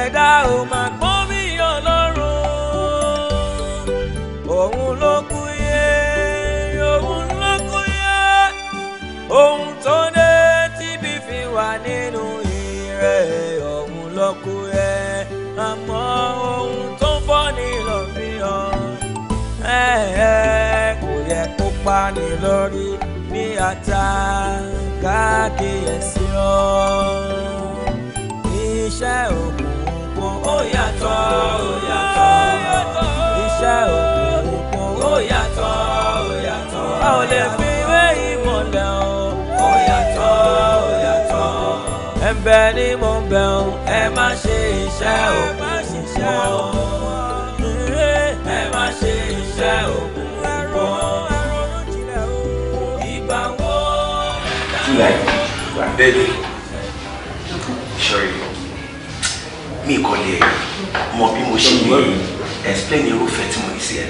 ẹ̀dá ò mà pọ́n mi ọlọ́run òun ló kú yé òun ló kú yé òun tó dé tíbi fi wà nínú ìrẹ́ òun ló kú yé àmọ́ òun tó bọ́ ní lórí ọ kò yẹ kó pa ní lórí bí ata káàkiri ẹ̀sìn ọ iṣẹ́ òkú ó yàtọ̀ ó yàtọ̀ iṣẹ́ òkùnkùn ó yàtọ̀ ó yàtọ̀ a ò lè fi wé ìmọ̀lẹ̀ o ó yàtọ̀ ó yàtọ̀ ẹ ń bẹ ní mo ń bẹ o ẹ má ṣe iṣẹ́ òkùnkùn ẹ má ṣe iṣẹ́ òkùnkùn. July, you are dead. o ṣe ìwé explain irúfẹ́ tí mo ní sí ẹ.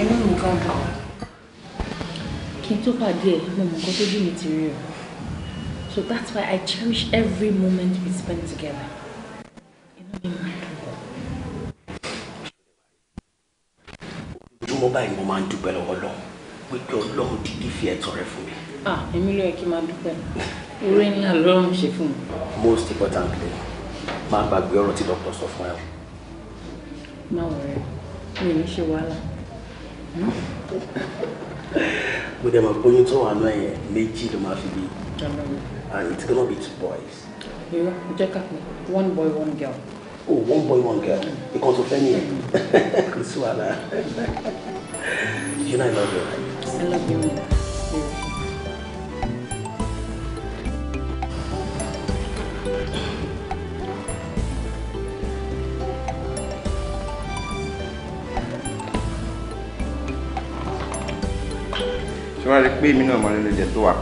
inú mi kan dùn kí n tó pàdé ẹ mo mọ nǹkan tó jí mi ti so that's why I cherish every moment we spend together. ojúmọ́ báyìí mo máa ń dúpẹ́ lọ́wọ́ pé kí ọlọ́run dídí fi ẹ̀tọ́ rẹ fún mi. ah èmi ló yẹ kí n máa dúpẹ́ orí ńlá lọ́rùn ṣe fún mi. most importantly máa gbàgbé ọ̀rọ̀ tí dókítà sọ fún ẹ o. má wọrẹ mi ò ní ṣe wàhálà. Hmm? mo dẹ̀ mọ̀ pé oyún tó wà náà yẹn méjì ló máa fi bí and it's gonna be two boys. irọ́ jẹ́ ká pé one boy one girl. oh one boy one girl nǹkan hmm. tó fẹ́ nìyẹn hmm. kò sí you know I love you. I love you, Rita. ṣé wọ́n rí pé èmi náà mọ̀ lẹ́nu ẹ̀jẹ̀ tó wà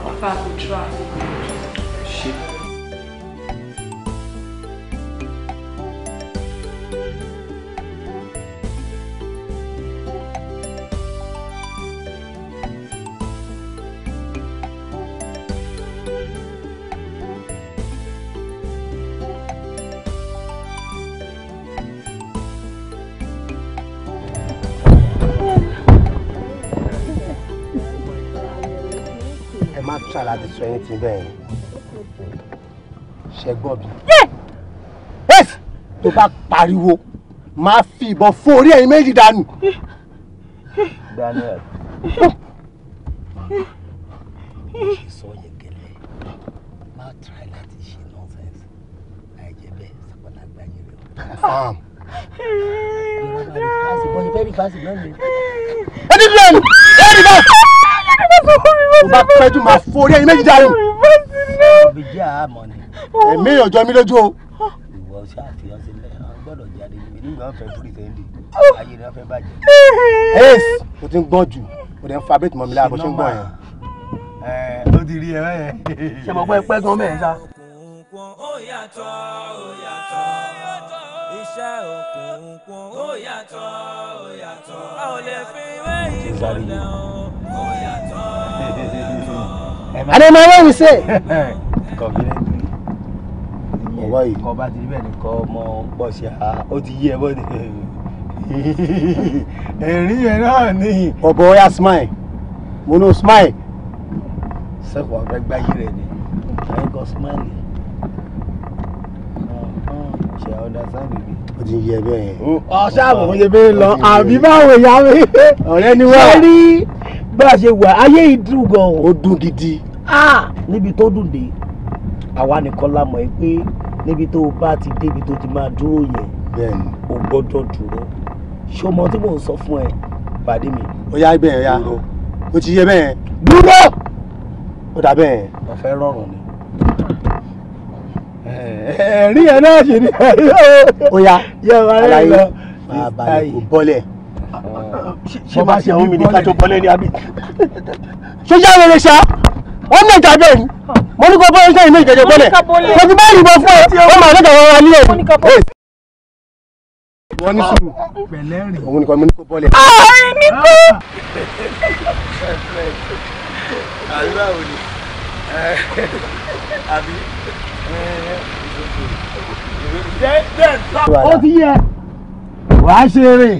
sọ ẹni tí bẹ́ẹ̀ ṣe gbọ́ bí. tó bá pariwo máa fi ìbọn fún orí ẹ̀yin méjì dànù. Daniel. sọ yẹn gẹlẹ má try láti ṣe nonsense àìjẹ́ bẹ́ẹ̀ sọpọlá gbáyé rẹ. ẹni dúró ẹni ẹni bá tó bá pẹ́jú máa forí ẹyin méjì dànù. òbí jẹ́ àmọ́ ni. èmi ìyànjọ́ mi lójú o. ìwọ ṣàfihàn sílẹ̀ gbọ́dọ̀ jáde nígbà wọn fẹ́ pírìtẹ́ndì ayé rẹ fẹ́ bàjẹ́. ace o ti ń gbọ́n jù o dẹ̀ ń fa bẹ́ẹ̀tì mi láàbọ̀ ṣé ń gbọ́n yẹn. ẹ ó ti rí ẹ bẹ́ẹ̀. ṣe mọ̀ pé pẹ́ gan bẹ́ẹ̀ sá. iṣẹ́ òkùnkùn ó yàtọ̀ ó yàtọ̀ a ò lè fi wé ìkọ̀dà ó yàtọ̀ ó yàtọ̀ and then my wife will say. confidently ọwọ́ yìí kọ́ bá ti rí bẹ́ẹ̀ ni kọ́ ọmọ pọ̀ sí a ó ti yí ẹ bọ́dẹ ẹ̀rín yẹn náà ni. ọ̀bọ̀ ọ̀yà smile mo no smile. sẹ́kọ̀ọ́ ọ̀rẹ́ gbáyé rẹ̀ ni ẹ̀rín kan smile ṣe ọ̀dà sáàbì mi. ó ti yẹ bẹ́ẹ̀. ọ̀ṣà àbọ̀ mo ṣe bẹ́ẹ̀ lọ àbí báwo ìyá mi. ọ̀rẹ́ ni wọ́n. ṣe bá a ṣe wà ayé ìdùn gan o. ó dùn didi. níbi tó dùn dé àwa nìkan la mọ̀ ẹ́ pé níbi tó o bá ti débi tó ti máa dúró yẹn. bẹ́ẹ̀ni. o gbọ́dọ̀ dúró ṣé ọmọ tí mò ń sọ fún ẹ pàdé mi. ó yá ibẹ̀ yẹn o ti yẹ bẹ́ẹ̀. dúró. ó dà bẹ́ẹ̀. ọ̀fẹ́ rọrùn ni. ẹ̀rín yẹn náà ṣe ni. ó yá aláyé máa balẹ̀ kó bọ́lẹ̀ ṣé máa ṣe àwọn mi ní kájọ bọ́lẹ̀ ní àbí. ṣé yá rere ṣá wọ́n mọ̀ ìjà bẹ́ẹ̀ ni mo ní kó bọ́lẹ̀ ṣe ìmọ̀ ìjẹ̀jẹ̀ bọ́lẹ̀ kò sí báyìí bọ́ fún ẹ ó máa lọ́jọ́ wọn wá ní ẹ̀yìn. wọ́n ní sùn pẹ̀lẹ́ rìn. òun nìkan mo ní kó bọ́lẹ̀. ààrẹ ah, mi kú. Ah. àdúrà ò ní eh, àbí ó ti yẹ wàá ṣe rè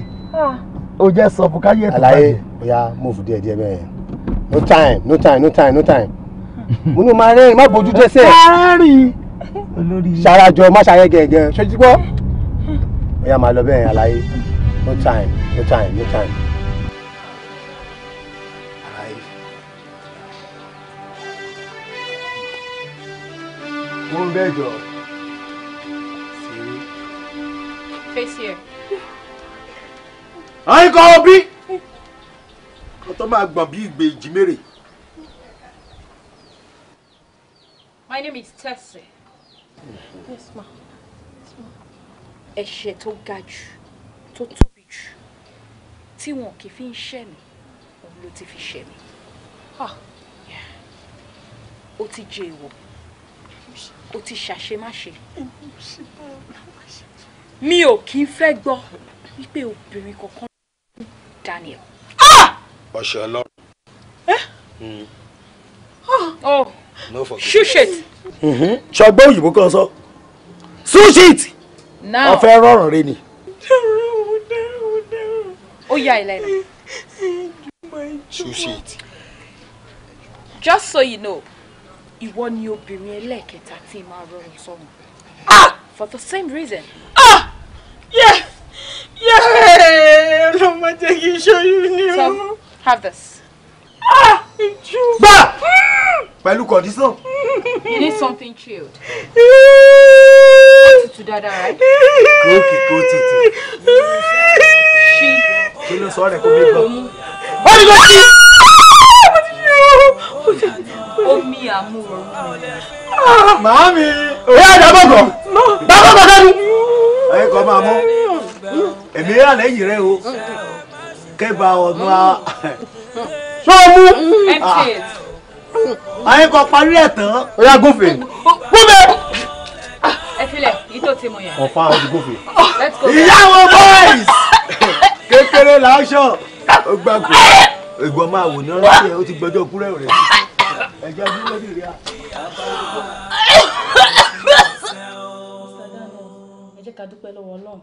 o jẹ sọ fún káyé tó bàjẹ́. alaye oya move díẹ̀ díẹ̀ bẹ́ẹ̀ no time no time no time no time mo ní ma rẹ́rìn má bójú dẹ́sẹ̀. rẹ́rìn olórí. sarajọ má ṣayẹ gẹ̀gẹ̀ ṣojú gbọ́. oya máa lọ bẹ́ẹ̀ alaye no time no time no time. One bed, Siri. Face here àyìn kan òbí kan máa gbọ̀n bí ìgbè ìjímèrè. My name is Tessie. Yes, ma. Ẹ̀ṣẹ̀ tó ga jù, tó tóbi jù, tí wọn kì í fi ń ṣẹ̀ mí, òun ló ti fi ṣẹ̀ mí. Ó ti jẹ èèwọ̀, ó ti ṣàṣemáṣe. Mi ò kì í fẹ́ gbọ́ wípé obìnrin kankan. Daniel. Ah! ọ̀sẹ̀ ọlọ́run. Eh? Hmm. Ah! oh no forget. shoot it. Mm-hmm. ṣọgbọ́n òyìnbó kan sọ shoot it. now ọ̀fẹ́ rọrùn No! No! No! Oh yeah, rẹ̀. shoot it. just so you know you ìwọ ni obìnrin ẹlẹ́ẹ̀kẹta tí máa rọrùn Ah! for the same reason. ah yes. Yay! Ọlọ́mọ jẹ́ kí n ṣoyún ni o. So, have this. Ah! Ìjú. Gbà! Pẹ̀lú condition. You need something chilled. Tútù dáadáa, right? go, Kóòkì kó tútù. Ṣí. Kí ló sọ rẹ̀ Oh, bí bọ̀? Oh, ní lọ Oh, Omi àmúrò. Ah. Màámi. Ìyá ìjà bọ̀gọ̀. Bàbá bàbá mi. Ẹ̀yin kan máa mú èmi rà lẹ́yìn rẹ o kẹba ọ̀nà sọ́ọ̀mù àyìn ah. kan parí ẹ̀ tán. ó gòfè. gòfè. ẹ filẹ̀ yìí tó ti mọ̀ yẹn. ọ̀fà ọdún gòfè. ìyáwó boys kékeré làásọ̀ ó gbàgbọ́ máa wò ní ọlọ́sẹ̀ ó ti gbọ́jọ́ kúrẹ́ rẹ̀ ẹ̀jẹ̀ dúró lórí rẹ̀. ẹ jẹ́ ká dúpẹ́ lọ́wọ́ Ọlọ́run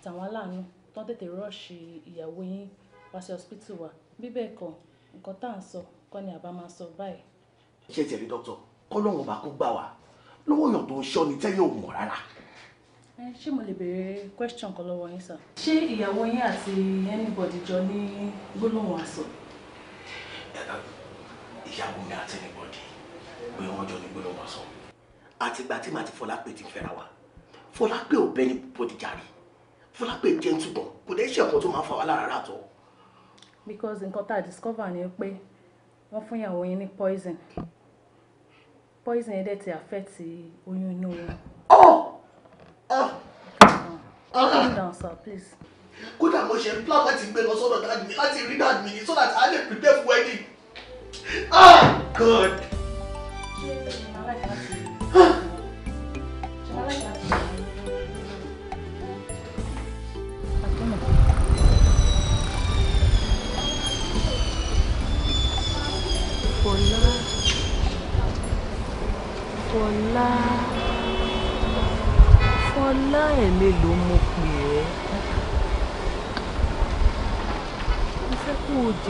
àtàwọn aláàánú tó ń tètè rọ́ọ̀ṣì ìyàwó yín wá sí hospital wa bí bẹ́ẹ̀ kọ́ nǹkan tá à ń sọ kọ́ ni àbá máa sọ báyìí. ṣé tiẹ̀ rí dókítà kọ́ lóun ọba kó gbà wá lọ́wọ́ èèyàn tó ń ṣọ́ ni tẹ́yẹ̀ ò mọ̀ rárá. ṣé mo lè béèrè question kan lọ́wọ́ yín sir. ṣé ìyàwó yín àti anybody jọ ní gbólóhùn àṣọ. ìyàwó mi àti anybody pé wọ́n jọ ní gbólóhùn àṣọ. àtìgbà tí màá ti Fọlápé ti fẹ́ra wa Fọlápé ò bẹ́ni bọ́dí járe fúlápẹ̀ jẹ́ túbọ̀ kò dẹ́ ṣe ọ̀kan tó máa fà wá lára rà because nǹkan tá a discover ni pé wọ́n fún ìyàwó yín ní poison poison yẹn dẹ̀ ti affect oyún inú wọn. Oh! Ah! Ah! calm down sir please. kódà mo ṣe ń plan láti gbé lọ sọ́dọ̀ dad mi láti rí dad mi so that i dey prepare for wedding. ah god.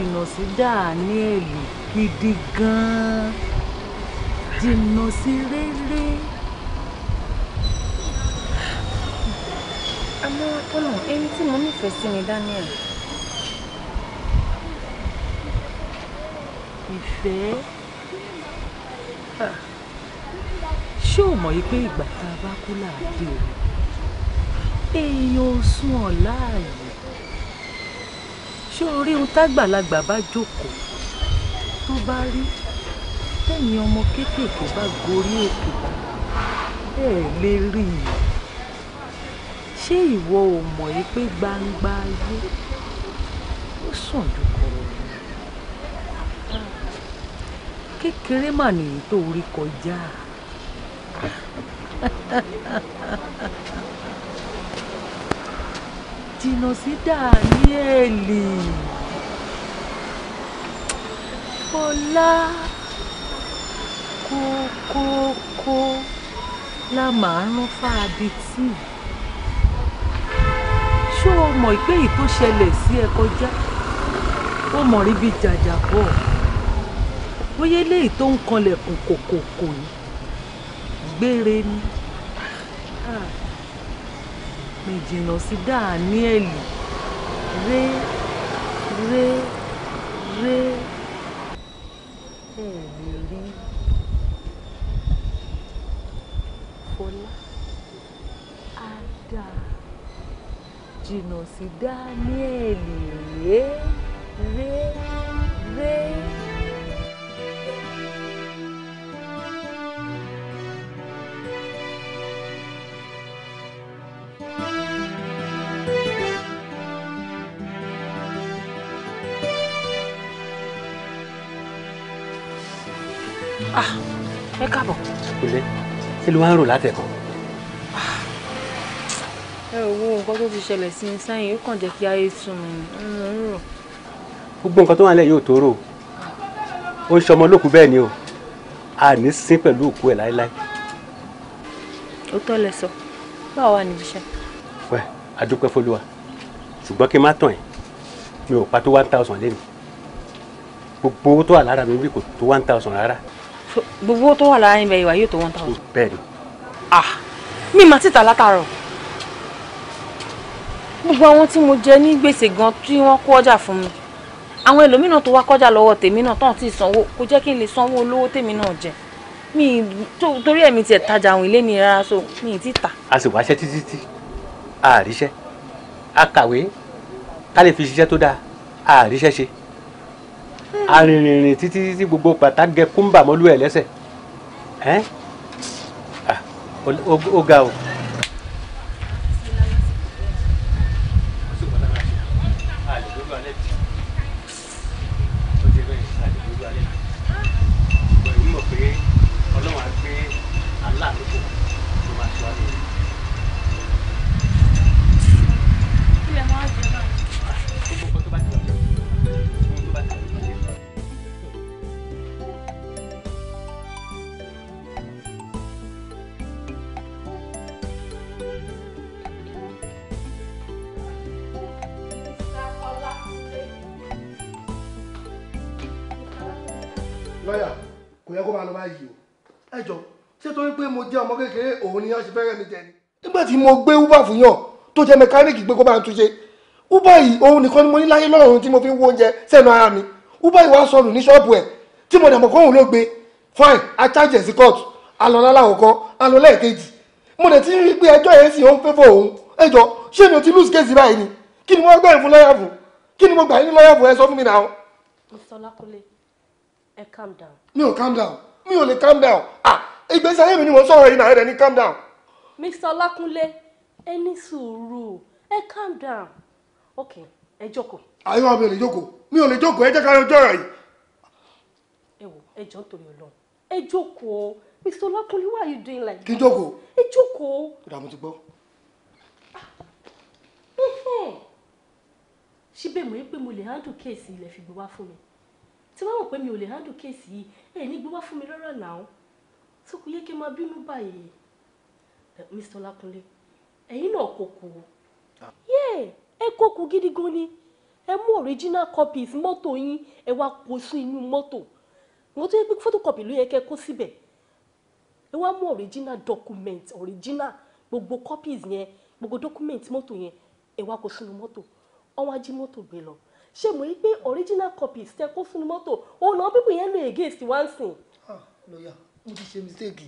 jìnnà sí Daniel gidi gan-an jìnnà sí rere. àmọ́ ọ̀nà ẹni tí mo nífẹ̀ẹ́ sí ni Daniel. ìfẹ́ ṣé o mọ̀ yìí pé ìgbà tá a bá kú láàdé o èèyàn ò sùn ọ̀ láàyè ṣé o rí ohun tágbàlagbà bá jókòó tó bá rí tẹ̀yìn ọmọ kéékèèké bá gorí òkè bẹ́ẹ̀ lè rí i ṣé ìwọ ò mọ̀ yìí pé gbangba ayé ó sàn ju kọ̀rọ̀ lọ kékeré mà nìyí tó rí kọjá. jìnnà sí dàníẹ́lì ọlá kókókó la máa rán fáadì tì ṣó o mọ̀ pé èyí tó ṣẹlẹ̀ sí ẹ kọjá ó mọ̀ rí bíi jàjàbọ̀ bóyá eléyìí tó ń kanlẹ̀kùn kòkòkò yìí gbére ni. Ah mi jìnnà sí Daniel ré ré ré ẹ lè rí Fọlá Ada jìnnà sí Daniel ré ré ré. káàbọ̀. kúlẹ kí ló wá ń rò látẹkọ. ẹ ò wo nǹkan tó ti ṣẹlẹ̀ sí i sẹ́yìn ó kàn jẹ́ kí ayé sùn mí ń rò. gbogbo nǹkan tó wà nílẹ̀ yóò tó rò ó ń ṣọmọ lókùú bẹ́ẹ̀ ni o a ní sín pẹ̀lú òkú ẹ̀ láéláé. ó tọ́ lẹ sọ báwo wà níbi iṣẹ́. wẹ adúpẹ́ fọlúwa ṣùgbọ́n kí n má tàn ẹ́ mi ò pa tó one thousand lẹ́nu gbogbo owó tó wà lára mi wí kò tó one thousand rárá gbogbo tó wà lára yín ìwà yóò tó one thousand. bẹ́ẹ̀ ni. ah mi máa títà látàárọ̀ gbogbo àwọn tí mo jẹ ní gbèsè gan tí wọ́n kó ọjà fún mi àwọn ẹlòmíràn tó wá kọjá lọ́wọ́ tèmi náà tán ti sanwó kò jẹ́ kí n lè sanwó olówó tèmi náà jẹ mi torí ẹ̀mí tiẹ̀ tajà àwọn ilé mi rárá so mi ti tà. a sì wáṣẹ́ títí tí a ríṣẹ́ a kàwé ká lè fi ṣiṣẹ́ tó dáa a ríṣẹ́ ṣe arìnrìnrìn títí títí gbogbo pàtà gẹ kúńbà mọ́lú ẹ̀ lẹ́sẹ̀ ah, ó ga o. jẹ́ ọmọ kékeré òun ni wọ́n ṣe fẹ́rẹ̀ mi jẹ ni. nígbà tí mo gbé uber fún yàn tó jẹ́ mẹkáníìkì gbé bá ń túnṣe uber yìí òun nìkan ni mo ní láyé lọ́rùn tí mo fi ń wo oúnjẹ sẹ́nu ara mi uber yìí wá sọnù ní ṣọ́ọ̀bù ẹ̀ tí mo dàmọ̀ kóhùn ló gbé fine a charge ẹ̀ sí court alọ́lá làwọ̀kọ́ alọ́lá ẹ̀kejì mo dẹ̀ ti rí pé ẹjọ́ yẹn sì ń fẹ́fọ́ òun ẹjọ́ ṣé mi ò ti lose case báyìí ni kí ni wọ́n gbà fún lọ́yà fún kí ni mo gbà yín lọ́yà fún ẹ sọ fún mi náà. Mr. Lakule ẹ calm down. mi ò calm down mi ò lè calm down ah ìgbésí ayé mi ni mo sọ̀rọ̀ yìí náà ẹ̀rẹ̀ ní calm down. Mr. Ọlákúnlé ẹ ní sùúrù ẹ calm down ok ẹ jókòó. àyọ̀ mi ò lè jókòó mi ò lè jókòó ẹ jẹ́ ká yanjú ọ̀rọ̀ yìí. ẹ wò ẹ jọ nítorí Ọlọ́run ẹ jókòó Mr. Ọlákúnlé why you doing like that. kí jókòó. ẹ jókòó. ìdààmú ti gbọ́. Hmm. ṣé bẹ́ẹ̀ mọ̀ pé mo lè handle kéèsì ilẹ̀ fi gbé wá fún mi tí wọ́n mọ̀ pé mi ò lè handle yìí ní gbé wá fún mi náà. so kò yẹ kí máa bínú báyìí eh, mr ọlákúnlé ẹ̀yin náà kò kú yẹ ẹ kò kú gidi gan ni ẹ mú original copies mọ́tò yín ẹ wá kó sí inú mọ́tò wọ́n tó yẹ pé photocopy ló yẹ kẹ́ kó síbẹ̀ ẹ wá mú original document original gbogbo copies yẹn gbogbo document mọ́tò yẹn ẹ wá kó sínú mọ́tò ọwọ́n ají mọ́tò gbé lọ ṣé mo copies tẹ kó sínú mọ́tò òun mo ti ṣe mistake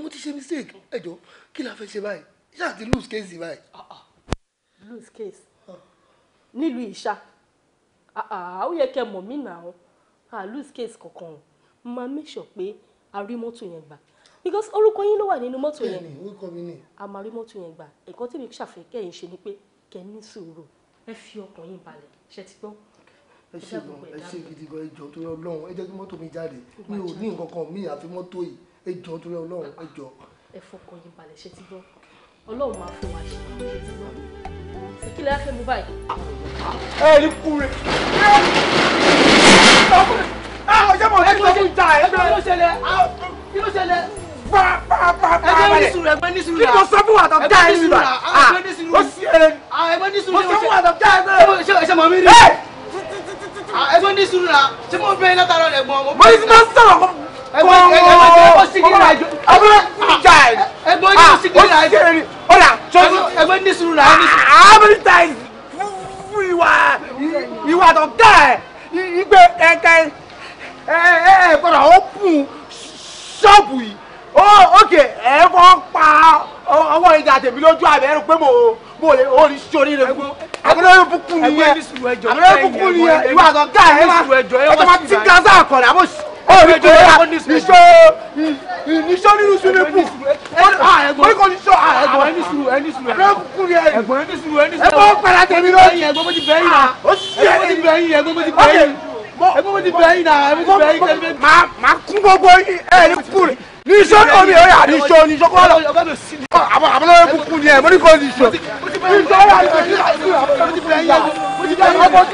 mo ti ṣe mistake ẹ jọ kí la fẹ́ ṣe báyìí ṣáà ti lose case báyìí. Ah, ah. lose case ah. nílùú ìṣá ó yẹ kẹ́ mọ̀ mí náà ah lose case kankan o máa make sure pé a rí mọ́tò yẹn gbà because orúkọ yín ló wà nínú mọ́tò yẹn bẹ́ẹ̀ni a máa rí mọ́tò yẹn gbà ẹ̀kọ́ tí mi ṣàfẹ́ kẹ́yìn ṣe ni pé kẹ́ ní sùúrù ẹ fi ọkàn yín balẹ̀ ṣe ti gbọ́ ẹ ṣe gan ẹ ṣe gidi ẹ jọ̀ọ́ yín balẹ̀ ṣe ti gbọ́ Ọlọ́run máa fún wa ṣe ti gbọ́ kí lè mú báyìí. ẹ ní kúre. ọjọ́ mọ̀ ní ìtọ́jú ìjà ẹ̀ kí ló ṣẹlẹ̀ kí ló ṣẹlẹ̀ ẹgbẹ́ ní sùúrù ẹgbẹ́ ní sùúrù la kíkọ sọ fún wa tó dá ẹ ní sùúrù ẹgbẹ́ ní sùúrù ó sì ẹ mo sọ fún wa tó dá ẹ ní sùúrù la ṣe ṣe mọ̀ mí rí ẹgbẹ́ ní sùúrù la ṣé mo bẹ́ẹ̀ látara rẹ̀ gbọ́n mo. mo ní sinmi sọ̀rọ̀ kọ́ ẹgbẹ́ ẹgbẹ́ sikiri la ẹgbẹ́ ẹgbẹ́ ní sikiri la ọ̀la ẹgbẹ́ ní sùúrù la ẹni sùúrù. amẹ́ríkà ìwà ìwà tó tẹ̀ ìgbẹ́ ẹ̀ka ẹ̀ ẹ̀ ẹ̀ gbọ́dọ̀ ó kù ṣọ́ọ̀bù yìí ó òkè ẹ kọ́ pa ọwọ́ ìjà tèmi lójú àbẹ̀ ẹ̀rù pé mo mo lè orí sórí rẹ̀ fún abúlé bukú nìyẹn abúlé bukú nìyẹn ìwà àgọ́gá ẹ̀ máa ọtọ́ máa ti gaza àkọ́rẹ́ àbọ̀ orí kò yà níṣó níṣó nínú sinimu orí kò níṣó ẹ̀gbọ́n abúlé bukú nìyẹn ẹ̀gbọ́n pẹ̀lá tèmi lójú ẹ̀gbọ́n mo ti bẹ̀yìn náà ó sì ẹ̀gbọ́n mo ti bẹ̀yìn náà ẹ̀gbọ́n mo ti bẹ̀yìn náà ẹ̀gbọ́n mo ti bẹ̀yìn náà máa kún gbogbo yín ẹ̀ ní kúrẹ́ níṣó ni omi ọ̀yà níṣó níṣó kọ́ lọ àbọ̀ àbọ̀ lọ́wọ́ kúkú ni ẹ̀ mọ́ ní kò níṣó níṣó ọ̀yà níṣó ọ̀rọ̀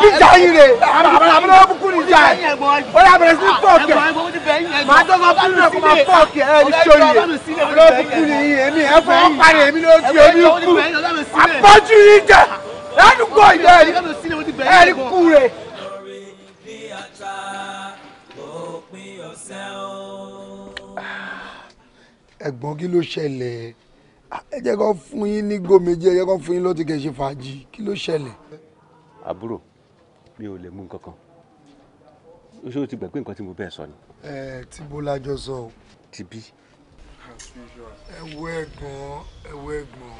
bí ìjà yìí rè àwọn ọ̀bùkù ní ìjà ẹ̀ ó yà bẹ̀rẹ̀ sí fọ́ọ̀kì màá dọ́gba fún mi kó máa fọ́ọ̀kì ẹ̀ ní sórí ọ̀rọ̀ ọ̀bùkù ní ìyẹn mi ẹ̀ fọ́ pàrẹ̀ mi ló ti omi kú àpọ́jú yìí jẹ ládùúgbò ìlẹ̀ ẹ̀rí kú rẹ̀. ẹ̀gbọ́n kí ló ṣẹlẹ̀ ẹ jẹ́ kó fún yín ní gómejì ẹ jẹ́ kó fún yín lọ́tí kẹ́ ṣe fàájì kí ló ṣẹlẹ̀. àbúrò mi ò lè mú nǹkan kan ṣé o ti gbàgbé nǹkan tí mo bẹ́ẹ̀ sọ ni. ẹ ti bó la jọ sọ o. ẹ wo ẹ̀gbọ́n ẹ wo ẹ̀gbọ́n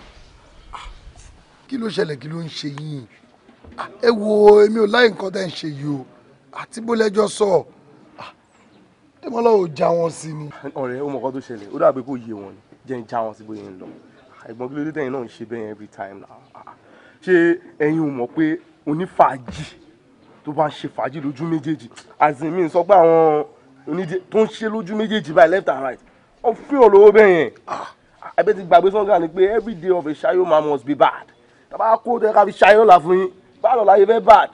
kí ló ṣẹlẹ̀ kí ló ń ṣe yín ah, ẹ wo èmi ò láì nǹkan tẹ́ ń ṣe yìí o àti ah, bó lẹ́jọ́ sọ ah, tẹ́mọ́lá ò já wọn sí ni. ọ̀rẹ́ ó mọ nǹkan tó ṣẹlẹ̀ ó dàbí kó yé wọn jẹ́ ń já wọn sí bóyá ń lọ ẹ̀gbọ́n kí ló dé tẹ̀yìn náà ń ṣe bẹ́ẹ̀ every time na ṣé ẹ̀yin ò mọ̀ pé onífàájì tó bá ń ṣe fàájì lójú méjèèjì àzìmí sọ pé àwọn onídìí tó ń ṣe lójú méjèèjì báyìí left and right wọ́n fún bẹ́ẹ̀ yẹn àbẹ́tí gbàgbé sọ́gà ni pé every day of a shayo man must be bad tàbá kó tẹ ká fi ṣayé ọ̀la fún yín bá lọ́la yẹ fẹ́ bad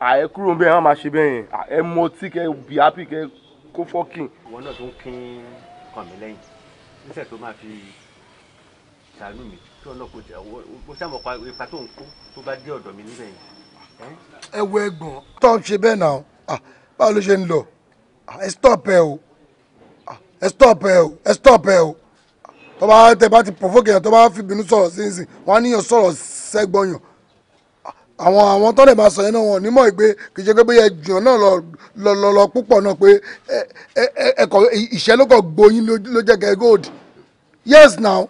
àyẹ kúrò bẹ́ẹ̀ wọ́n máa ṣe bẹ́ẹ̀ yẹn ẹ mọ tí kẹ bí happy kẹ kó fọ́kìn. ìwọ náà tó ń kín kàn mí lẹ́yìn níṣẹ́ tó máa fi ṣàánú mi tí ọ̀nà kò jẹ́ mo ṣàmọ̀ pa ipa tó ń kó tó bá dé ọ̀dọ̀ mi níbẹ̀ yẹn. ẹ wo ẹ̀gbọ́n tó ń ṣe bẹ́ẹ̀ náà báwo ló ṣe ń lọ ẹ stop ẹ o ẹ stop ẹ o ẹ stop ẹ o tó tẹ bá ti provoke yẹn tó fi bínú sọ̀rọ̀ sí sẹ́gbọ̀nyàn àwọn àwọn tọ́lẹ̀ máa sọ yẹn náà wọn nímọ̀ pé kì í ṣe pé bóyá jùlọ náà lọ lọ lọ púpọ̀ náà pé ẹkọ ìṣẹ́ gboyin ló jẹ́ kẹ́ gold yes now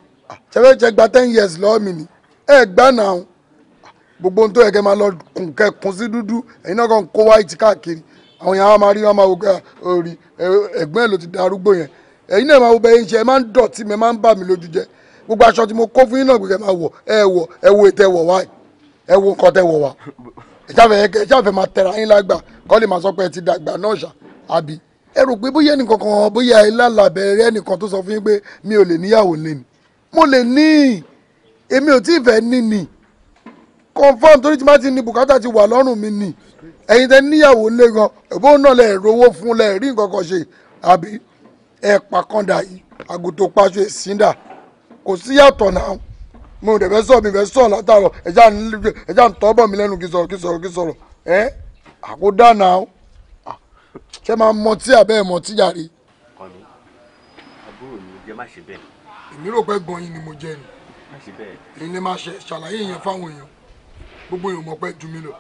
ṣẹ́fẹ́ gba ten years lọ́ọ́ mi ni ẹ gbá now gbogbo ohun tó yẹ kẹ́ máa lọ kùn kẹ́ kùn sí dúdú ẹ̀yin náà kàn kó white káàkiri àwọn yàrá máa rí wọn máa wò ká orí ẹ̀gbọ́n ẹ̀ ló ti darúgbó yẹn ẹ̀yin náà máa wo bẹ́ẹ̀ gbogbo aṣọ tí mo kó fún yín náà gbẹ̀gẹ̀ máa wọ̀ ẹ wọ̀ ẹ wo ètò ẹwọ̀ wa ẹ wo nǹkan tẹ wọ̀ wa ìṣàfẹ́ máa tẹ̀ra yín lágbà kọ́ lè máa sọ pé ẹ ti dàgbà náà ṣá àbí ẹ rò pé bóyá ẹnìkan kan bóyá ìlàlàbẹ̀rẹ̀ ẹnìkan tó sọ fún yín pé mi ò lè níyàwó lé ni mo lè ní èmi ò tí ì fẹ́ ní ni confam torí tí má ti ní bùkátà ti wà lọ́rùn mi ni ẹ̀yin tẹ níyàwó lé gan ẹ̀bùn náà lẹ̀ rówó fún lẹ̀ rí nǹkan kan ṣe àbí ẹ̀ pàkàndà yìí àgùntàn pàṣẹ síndà kò sí yàtọ̀ náà mo dẹ̀ fẹ́ sọ mi fẹ́ sọ látàrọ ẹ̀já ń tọ́bọ̀ mi lẹ́nu kí sọ̀rọ̀ kí sọ̀rọ̀ kí sọ̀rọ̀ àkódà náà ah, ṣé máa mọ tí àbẹ́ ẹ̀ mọ tí yàrá. ọ̀nì àbúrò mi jẹ́ má ṣe bẹ́ẹ̀. èmi rò pé gan ni mo jẹ́ ni èyí ni máa ṣe ṣàlàyé yẹn fáwọn èèyàn gbogbo èèyàn mọ̀ pé ju mi lọ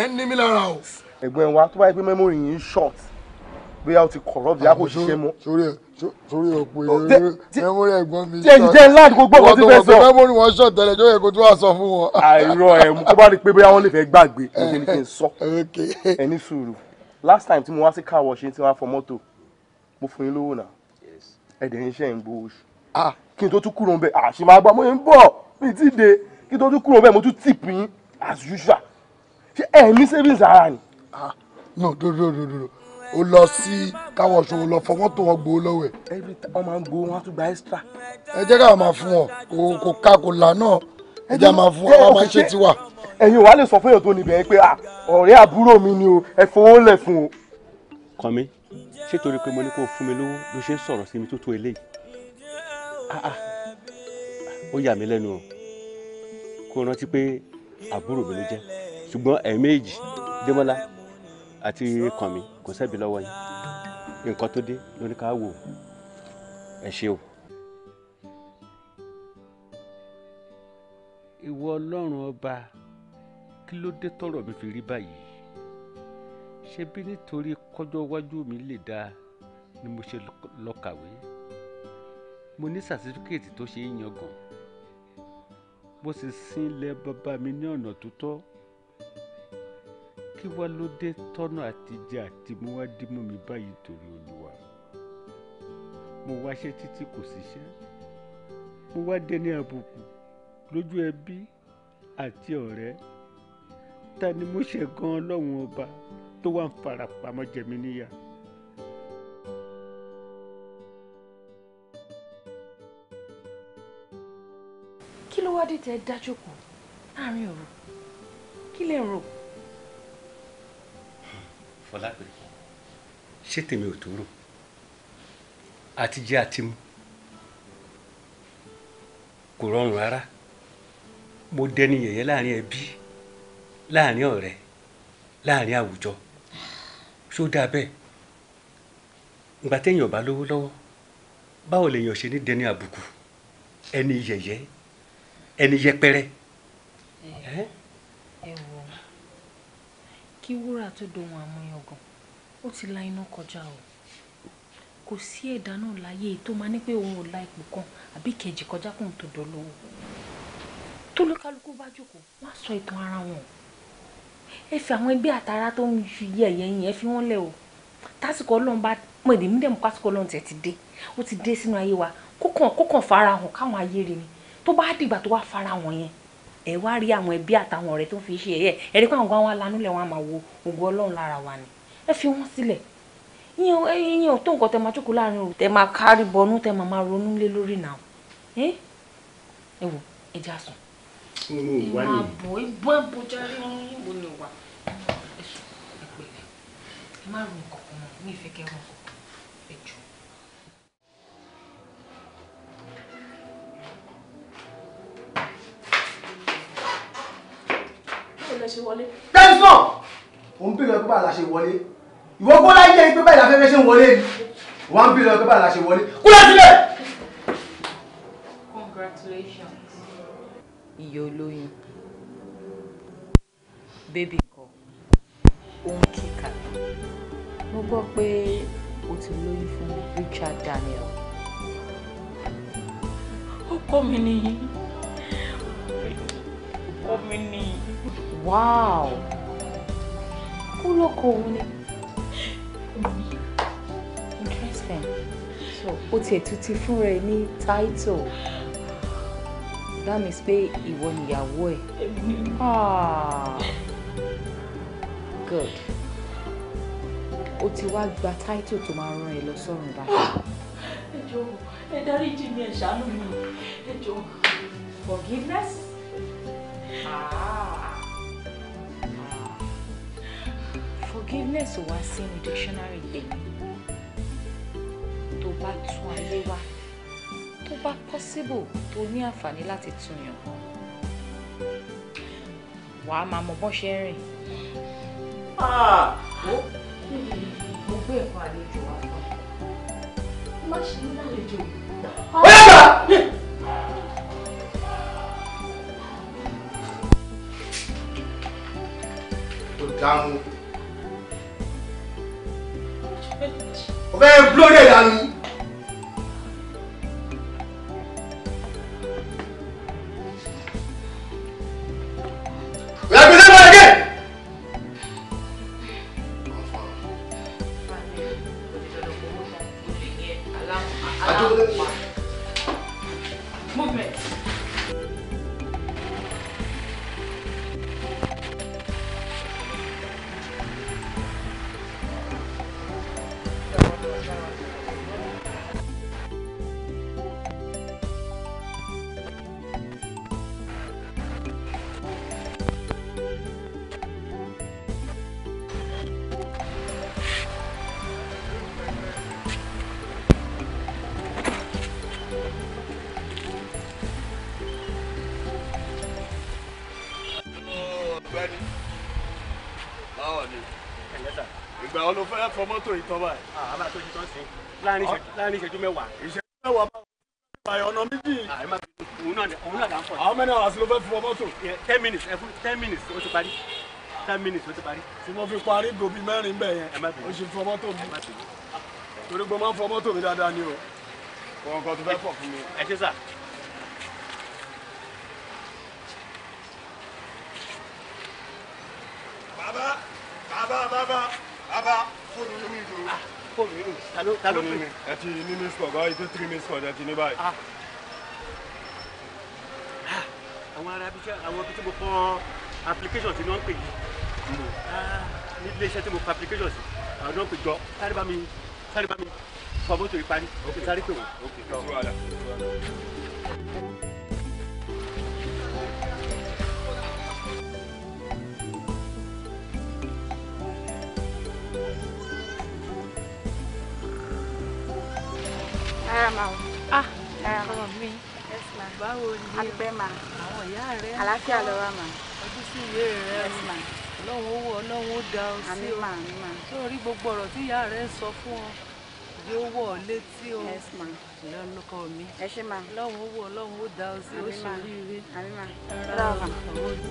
ẹ ní mi lára o. ẹ̀gbọ́n wa tó bá yẹ pé mẹ́mórì yìí ń ṣọ̀tì bóyá o ti corrupt yà kò ah, ṣiṣẹ́ mọ́. sórí òpó mẹ́mórì ẹ̀gbọ́n mi. tí ẹ̀yìn jẹ́ ńlá kò gbọ́ kó ti fẹ́ sọ. mẹ́mórì wọn sọ tẹ́lẹ̀ tó yẹ kó tó wà sọ fún wọn. àìrọ ah, ẹ mú kó bá rí i pé bóyá wọn lè fẹ́ gbàgbé níṣẹ́ ni kí n sọ. ẹni sùúrù last time tí mo wá sí car wash tí wọ́n fọ mọ́tò mo fún yín lówó náà ẹ̀dẹ̀ yín ń gbowó oṣù. Ah. kí n tó tún kúrò bẹ àṣì máa gbà mo ń bọ̀ mi ti dé kí n tó tún kúrò bẹ mo tún tip yín as usual ṣé ní savings ara ni. no no no o lọ sí káwọ ṣòwò lọ fọ mọ́tò wọn gbowó lọ́wọ́ ẹ̀. every time wọn máa ń gbowó wọn á tún gba extra. ẹ jẹ́ ká máa fún ọ kò ká kò là náà ẹ jẹ́ máa fún ọ wọn máa ṣe tiwa. ẹ̀yin wàá lè sọ fún èèyàn tó níbẹ̀ pé ah, ọ̀rẹ́ àbúrò mi ni o ẹ fowó lẹ̀ fún o. kàn mí ṣé torí pé mo ní kó o fún mi lówó ló ṣe ń sọ̀rọ̀ sí mi tó tó eléyìí ah, ah. ó yà mí lẹ́nu o kó rántí pé àbúrò mi ló jẹ́ ṣùgbọ́n ẹ̀ẹ̀mejì Démọ́lá àti Kànmí kò sẹ́bi lọ́wọ́ yìí nǹkan tó dé lóní ká wò ẹ ṣe o. ìwọ ọlọ́run ọba kí ló dé tọ̀rọ̀ mi fi rí báyìí ṣebí nítorí kọjọ́ iwájú mi lè dáa ni mo ṣe lọ kàwé mo ní sàtífíkẹ́ẹ̀tì tó ṣe é yangàn mo sì sin ilẹ̀ bàbá mi ní ọ̀nà tó tọ́ kí wá ló dé tọ́nà àtijẹ àtimu wá dí mú mi báyìí torí olúwa mo wáṣẹ́ títí kò síṣẹ́ mo wá dẹni àbùkù lójú ẹbí àti ọ̀rẹ́ ta ni mo ṣẹ̀ gan ọlọ́run ọba tó wà ń farapamọ́ jẹ mí níyà. kí ló wá dé tẹ dájú kù láàrin ọ̀rọ̀ kí lè rò fọlápẹ ṣé tèmi ò tó rò àtijẹ àtimu kò rọrùn rárá mo dẹni yẹ̀yẹ́ láàrin ẹbí láàrin ọ̀rẹ́ láàrin àwùjọ ṣó dáa bẹ́ẹ̀ ìgbà téèyàn bá lówó lọ́wọ́ báwo lèèyàn ṣe ní dẹni àbùkù ẹni yẹ̀yẹ́ ẹni yẹpẹrẹ. ẹ wò kí wúrà tó dohun àmúyangàn ó ti la iná kọjá o kò sí ẹ̀dá náà láyé tó máa ní pé òun ò la ipò kan àbí kejì kọjá kóun tó dolówó tó lókàlùkù bá jókòó wọ́n á sọ ìtàn ara wọn ẹ fi àwọn ẹgbẹ́ àtàrà tó ń fi yí ẹ̀yẹ ẹ fi wọ́n lẹ̀ o tásìkò ọlọ́run bá pọ̀ èdè mí dẹ̀mú pásìkò ọlọ́run tẹ̀ ti dé ó ti dé sínú ayé wa kó kàn fara hàn káwọn ayé rí ni tó bá dìgbà tó wá fara hàn yẹn ẹ wá rí àwọn ẹbí àtàwọn ọ̀rẹ́ tó fi ṣe ẹ̀yẹ ẹ rí pé àwọn gan wa lanú lẹ̀ wọn a máa wo ògo ọlọ́run lára wa ni ẹ fi wọ́n sílẹ̀ yín ò tó nǹkan tẹ máa jókòó láàrin òru tẹ máa kárí bọnú tẹ máa máa ronú lé lórí náà ẹ wò ẹ já sùn. ìwà àbò ìbò àbò jáde ń wò ní ìwà ẹ má ro nǹkan kan mọ́ mi ìfẹ́ kẹ́ ro nǹkan. fẹ́ ṣe wọlé. tẹ́sán òun bí lọ́ọ́ gbà láṣẹ wọlé ìwọ kó láyé jẹ́ pé báyìí láfẹ́fẹ́ ṣe ń wọlé ni wọ́n bí lọ́ọ́ gbà láṣẹ wọlé kúrẹ́ sílẹ̀. congratulations iye olóyin bébì kan òun kíkà mo gbọ́ pé o ti lóyún fún Richard Daniel ọkọ mi nìyí ọkọ mi nìyí wow ó lọ́kọ òun ni interesting so ó tiẹ̀ tún ti fún rẹ ní title that means pé ìwọ nìyàwó ẹ̀ ah good o ti wá gba title tó máa rán ẹ lọ sọ́run báyìí. Ah! ẹ jọ̀ọ́ ẹ dáríjì mi ẹ ṣàánú mi ẹ jọ̀ọ́ forgiveness. Ah. forgiveness ò wá sínú dictionary tèmi tó bá tún ayé wá tó bá possible tó ní àǹfààní láti tún yàn wàá máa mọ bọ́n ṣe ń rìn. Ah! mo gbé ẹ̀kọ́ àlejò wá fún ọ má ṣe ní àlejò. Down o fẹ́ gbólórí ẹ̀dá mi. fọ mọ́tò yìí tán báyìí. àbá ah, tó ti tán sí. láàrin ìṣẹ́jú mẹ́wàá. ìṣẹ́jú mẹ́wàá bá wà ọ̀nà méjì. Ah, òun náà dà ń pọ̀. àwọn mẹ́rin àwọn àti ló fẹ́ fọ mọ́tò. ten minutes ẹ fún ten minutes ó ti parí ten minutes ó ti parí. tí mo fi parí gòbí mẹ́rin bẹ̀ yẹn o ṣe fọ mọ́tò mi. torí gbọ́n máa ń fọ mọ́tò mi dáadáa ni o. kọ̀ọ̀kan tó fẹ́ pọ̀ fún mi. ẹ ṣe sà ta ló pè. ẹ ti ní miss call báyìí tó three miss call ẹ ti ní báyìí. Ah. Ah, àwọn ará bíi àwọn bíi tí mo kọ application tí wọ́n ń pè yìí hmm. ah, ní iléeṣẹ́ tí mo ẹ máa wò. ah ọmọ mi báwo ni adúpẹ́ máa àwọn ìyá rẹ àlàáfíà lọ wá máa ojú sí ìwé rẹ ọlọ́run ó wọ ọlọ́run ó da ọ sí ọ sórí gbogbo ọ̀rọ̀ tí ìyá rẹ sọ fún ọ yóò wọ̀ ọ́ létí o lọ́nà mi ọlọ́run ó wọ ọlọ́run ó da ọ sí ó ṣe oríire ẹ̀rọ àwọn ọ̀rọ̀.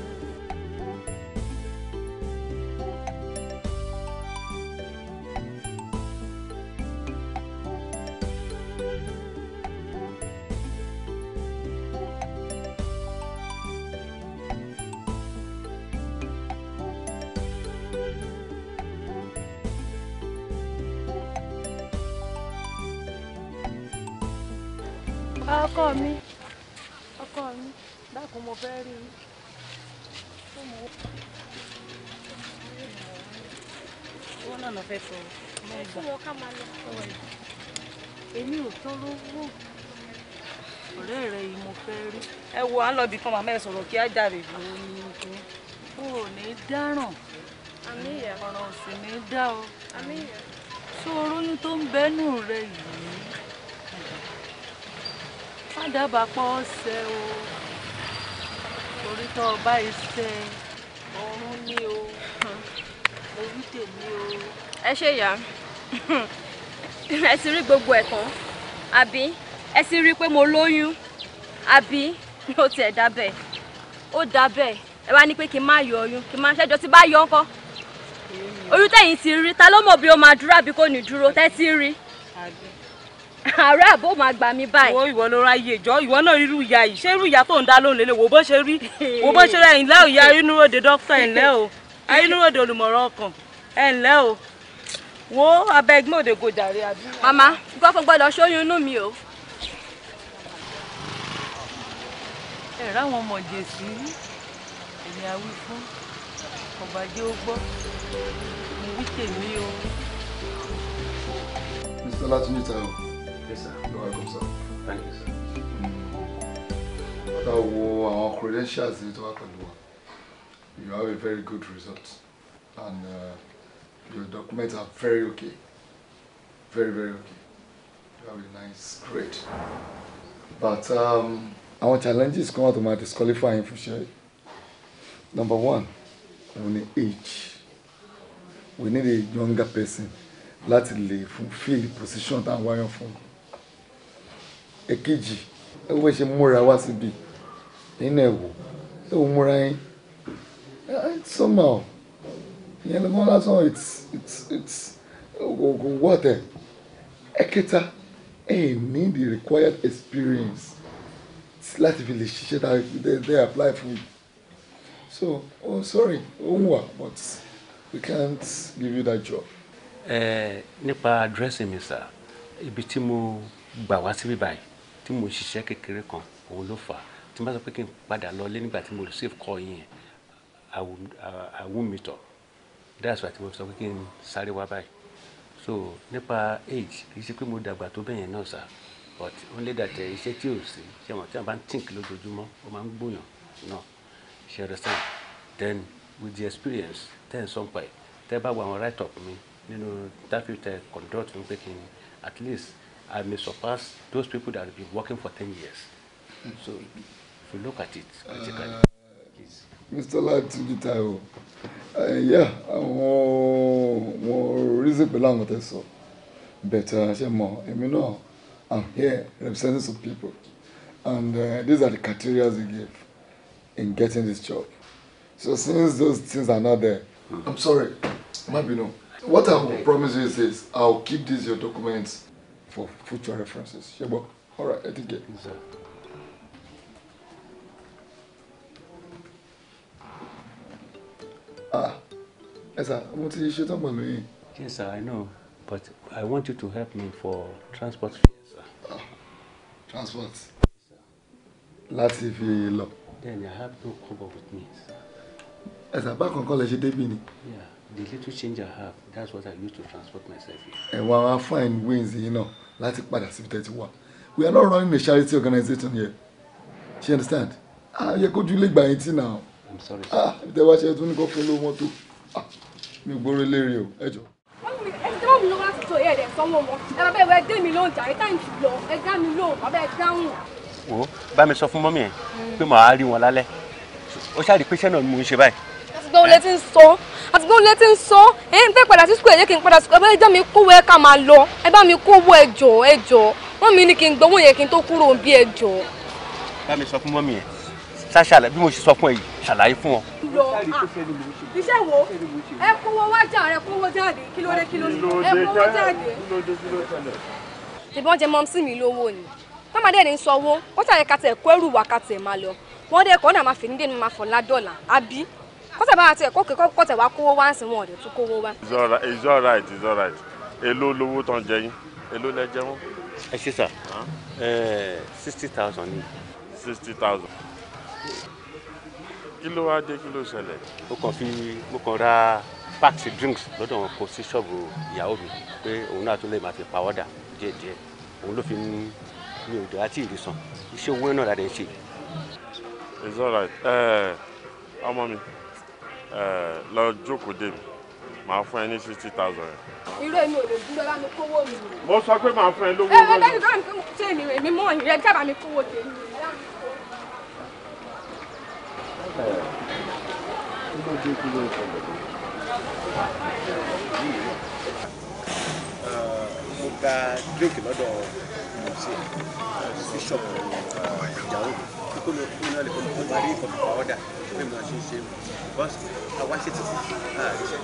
ọkọ mi ọkọ mi dákun mo fẹ́ rí i. owó náà lọ fẹ́ sọ ọmọ ìgbà owó ká máa lọ sọ ẹ̀. èmi ò tán lówó ọ̀rẹ́ rẹ yìí mo fẹ́ rí. ẹ wo à ń lọ ibì kan màmá ẹ sọ̀rọ̀ kí á jàre ju oyin nìkan. o ò ní dáràn ọ̀rọ̀ òsì ní dá o. sọ oróyún tó ń bẹ́nu rẹ yìí dábàá pọ́ ọ̀sẹ̀ o orí tọ́ ọba ìṣe ọ̀run ni o orí tèmi o. ẹ ṣe ìyá ẹ ti rí gbogbo ẹ̀ tán àbí ẹ ti rí i pé mo lóyún àbí ó tiẹ̀ dábẹ̀ ó dábẹ̀ ẹ wá ní pé kí n má yọ oyún kí n má ṣẹ́jọ́ tí bá yọ ọ́ oyún tẹ̀yìn ti rí ta ló mọ̀ bí ó máa dúró àbí kò ní dúró tẹ́ ti rí ààrẹ àbò máa gbà mí báyìí. wo ìwọ ló ra iye ìjọ ìwọ náà irú ìyá yìí ṣé irú ìyá tó ń dá lóhùn lélẹ̀ wo bó ṣe rí wo bó ṣe rí ẹ̀yìn láò ya ayínúròde dókítà ẹ̀ǹlẹ́ o ayínúròde olùmọ̀ràn ọkàn ẹ̀ǹlẹ́ o wo abeg mòde gòjàre àbí. màmá gbọ́fọ́ gbọ́dọ̀ ṣóyún inú mi o. ẹ ráwọn ọmọ jèsì èmi àwí fún ọbàjẹ́ ó gbọ́ mo wí tèmi o. mr latinita o. Yes, sir. You're welcome, sir. Thank you, sir. Ọ̀dà wo credentials yìí tó wá pẹ̀lú You have a very good result and uh, your documents are very okay. Very, very okay. You have a nice grade. But um, àwọn challenges come out of my disqualifying for sure. Number one, we need age. We need a younger person láti lè fulfill the position that à ń wáyàn èkejì ẹ wọ́n ṣe múra wá síbi nínú ẹ̀wò ẹ wọ́n múra yín somehow ìyẹn ló mọ́ lásán it's it's it's kò wọ́tẹ̀ ẹ̀kẹta ẹ ní the required experience láti fi lè ṣiṣẹ́ ta they apply for you so oh sorry ó ń wà but we can't give you that job. ẹ nípa dírẹ́sì mi sá ibi tí mo gbà wá síbí báyìí tí mo ṣiṣẹ́ kékeré kan òun ló fà á tí mo bá sọ pé kí n padà lọ lé nígbà tí mo save kọ́ yẹn àwù that's why tí mo sọ pé kí n sáré wá báyìí so nípa age kì í ṣe pé mo dàgbà tó bẹ́yẹn náà sá but ó lé dàtẹ̀ iṣẹ́ tí ò sí ṣé wọn tí wọn bá ń tink lójoojúmọ́ ó máa ń gbóyàn náà ṣe understand then with the experience ten some point, tẹ́ bá wọ àwọn write up mi nínú interview tẹ conduct mi pé kí n at least I may surpass those people that have been working for 10 years. So if you look at it critically, uh, please. Mr. Latujitao, uh, yeah, mo reason pẹ̀lú àwọn tẹ́ sọ, but uh, ṣe mọ̀, èmi náà, I'm here representing some people and uh, these are the criteria you give in getting this job. So since those things are not there, mm. I'm sorry, might be no. What I will promise you is this, I'll keep these your documents for future references All right, let's get. ọ̀rọ̀ ẹ ti gẹ̀. Ah, ẹ sà mo ti ṣetán pẹ̀lú me. yes sir i know but i want you to help me for transport fee. Uh, transport Yes, sir. Ah, láti fi lọ. then you have no cover with me. sir. Yes, sir. Back on college, you débì ni. Yeah the little change I have that's what I use to transport myself here. ẹ̀wọ̀n I find wins you know, láti padà síbi tẹ́tí wà we are not running a charity organization here she understand ah you kójú lè gbà yín tí náà ah ìtẹ̀ wá ṣe tún ní kó polówó mọ́tò ah mi ò gbóró léèrè o ẹ jọ. ẹsẹ̀ wọn mi ló wá sọ ẹ̀ ẹ̀ sanwó wọn ẹ bàbá ẹ̀ wẹ́ dé mi lóhùn jàre táyì ti lọ ẹ dá mi lóhùn bàbá ẹ dáhùn. wo bá mi sọ fún mọ́mí ẹ pé màá rí wọn lálẹ́ ó ṣáà rí pé iṣẹ́ náà ni mo ń ṣe báyìí àtìgbà olè ti ń sọ àtìgbà olè ti ń sọ ẹ ń fẹ́ padà sí sukùl ẹ̀yẹ́ kí n padà sukùl ẹ̀bẹ́ ẹjọ́ mi kówó ẹ ká máa lọ ẹ bá mi kówó ẹjọ́ ẹjọ́ wọ́n mi ní kí n gbowó yẹn kí n tó kúrò bí ẹjọ́. bá mi sọ fún mọ́mí yẹn ṣàṣàlẹ̀ bí mo ṣe sọ fún ẹ yìí ṣàlàyé fún ọ. lọ iṣẹ́ wo ẹ kówó wájà rẹ kówó jáde kí ló dé kí ló dé ẹ kówó jáde. ìbọn jẹ mọ́mísì mi lówó ni tọ́mọdé ní sọ owó kó tàyẹ̀ kàtẹ̀ kó ẹrù wà kàtẹ̀ máa lọ wọ́n dẹ́ kọ́ náà máa fi ní dé ní máa fọ̀ ládọ́là àbí kọ́tẹ̀ bá tiẹ̀ kókè kọ́tẹ̀ wá kówó wá sí wọn ò lè tún kówó wá. it's all right it's all right it's all right èló lówó tán jẹ yín èló lẹ jẹ wọn. ẹ ṣe sà eh, sixty thousand ni. sixty thousand kí ló wá dé kí ló ṣẹlẹ̀. mo kàn fi mo kàn ra packs drinks lọ́dọ̀ wọn kó sí ṣọ́ọ̀bù ìyàwó mi pé òun náà tún lè máa fi pa ọ́dà díẹ̀díẹ̀ òun ló fi ní mi ò dé láti ìlú san iṣẹ́ owó náà la dẹ̀ ń ṣe. it's all right eh, ọmọ mi lọ jókòó dé mi màá fún ẹ ní sixty thousand. irú èmi ò lè dúró bá kówó mi. mo sọ pé màá fún ẹ lówó lónìí. ẹ ẹ lẹ́yìn tó ń pè mí ṣé èmi èmi mọ̀ ìrìn ẹ dábàá mi kówó tèmi. mo ga drink lọ́dọ̀ mo ṣe bishop ìyàwó mi kó lọ fún náà lẹ́kọ̀ọ́ ló máa rí ìkọ̀kọ̀ ọ̀dà pé màá ṣe ń ṣe bọ́s àwa ṣe títí kì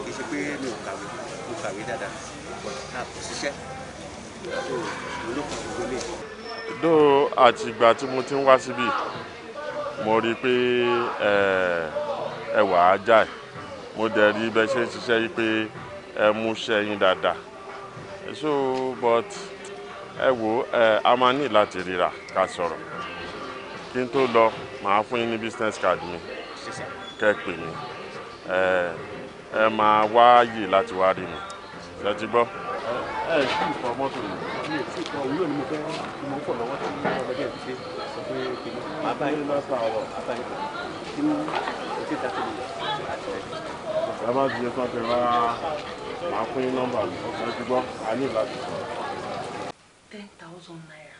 í ṣe pé mi ò kàwé mo kàwé dáadáa náà kò ṣiṣẹ́ tó olókùn gbogbo lè. dó mo ti ń wá síbí mo rí i pé ẹwà á mo dẹ̀ rí bẹ́ẹ̀ ṣe ń ṣiṣẹ́ yìí pé ẹ mú ṣẹ́yìn so but ẹ wo ẹ a máa ní láti ríra ká sọ̀rọ̀ kí n tó lọ màá fún yín ní business card mi kẹ́ pè mí ẹ máa wá yè láti wá rí mi ṣe ti gbọ́. ẹ ẹ kí n fọ mọ́tò yìí mi ò tí ì kọ òwúrọ̀ ni mo fẹ́ mo ń pọ̀ lọ́wọ́ tí mo lọ́ọ́ bẹ́ẹ̀ fi ṣe sọ pé kìnnì máa bá yín lọ́sọ̀ àwọ̀ àbáyé kan kí ni o ti dàtí mi àti ẹ̀. ẹ má ti yẹ sọ pé rárá màá fún yín nọ́mbà mi ṣe ti gbọ́ a ní láti ten thousand naira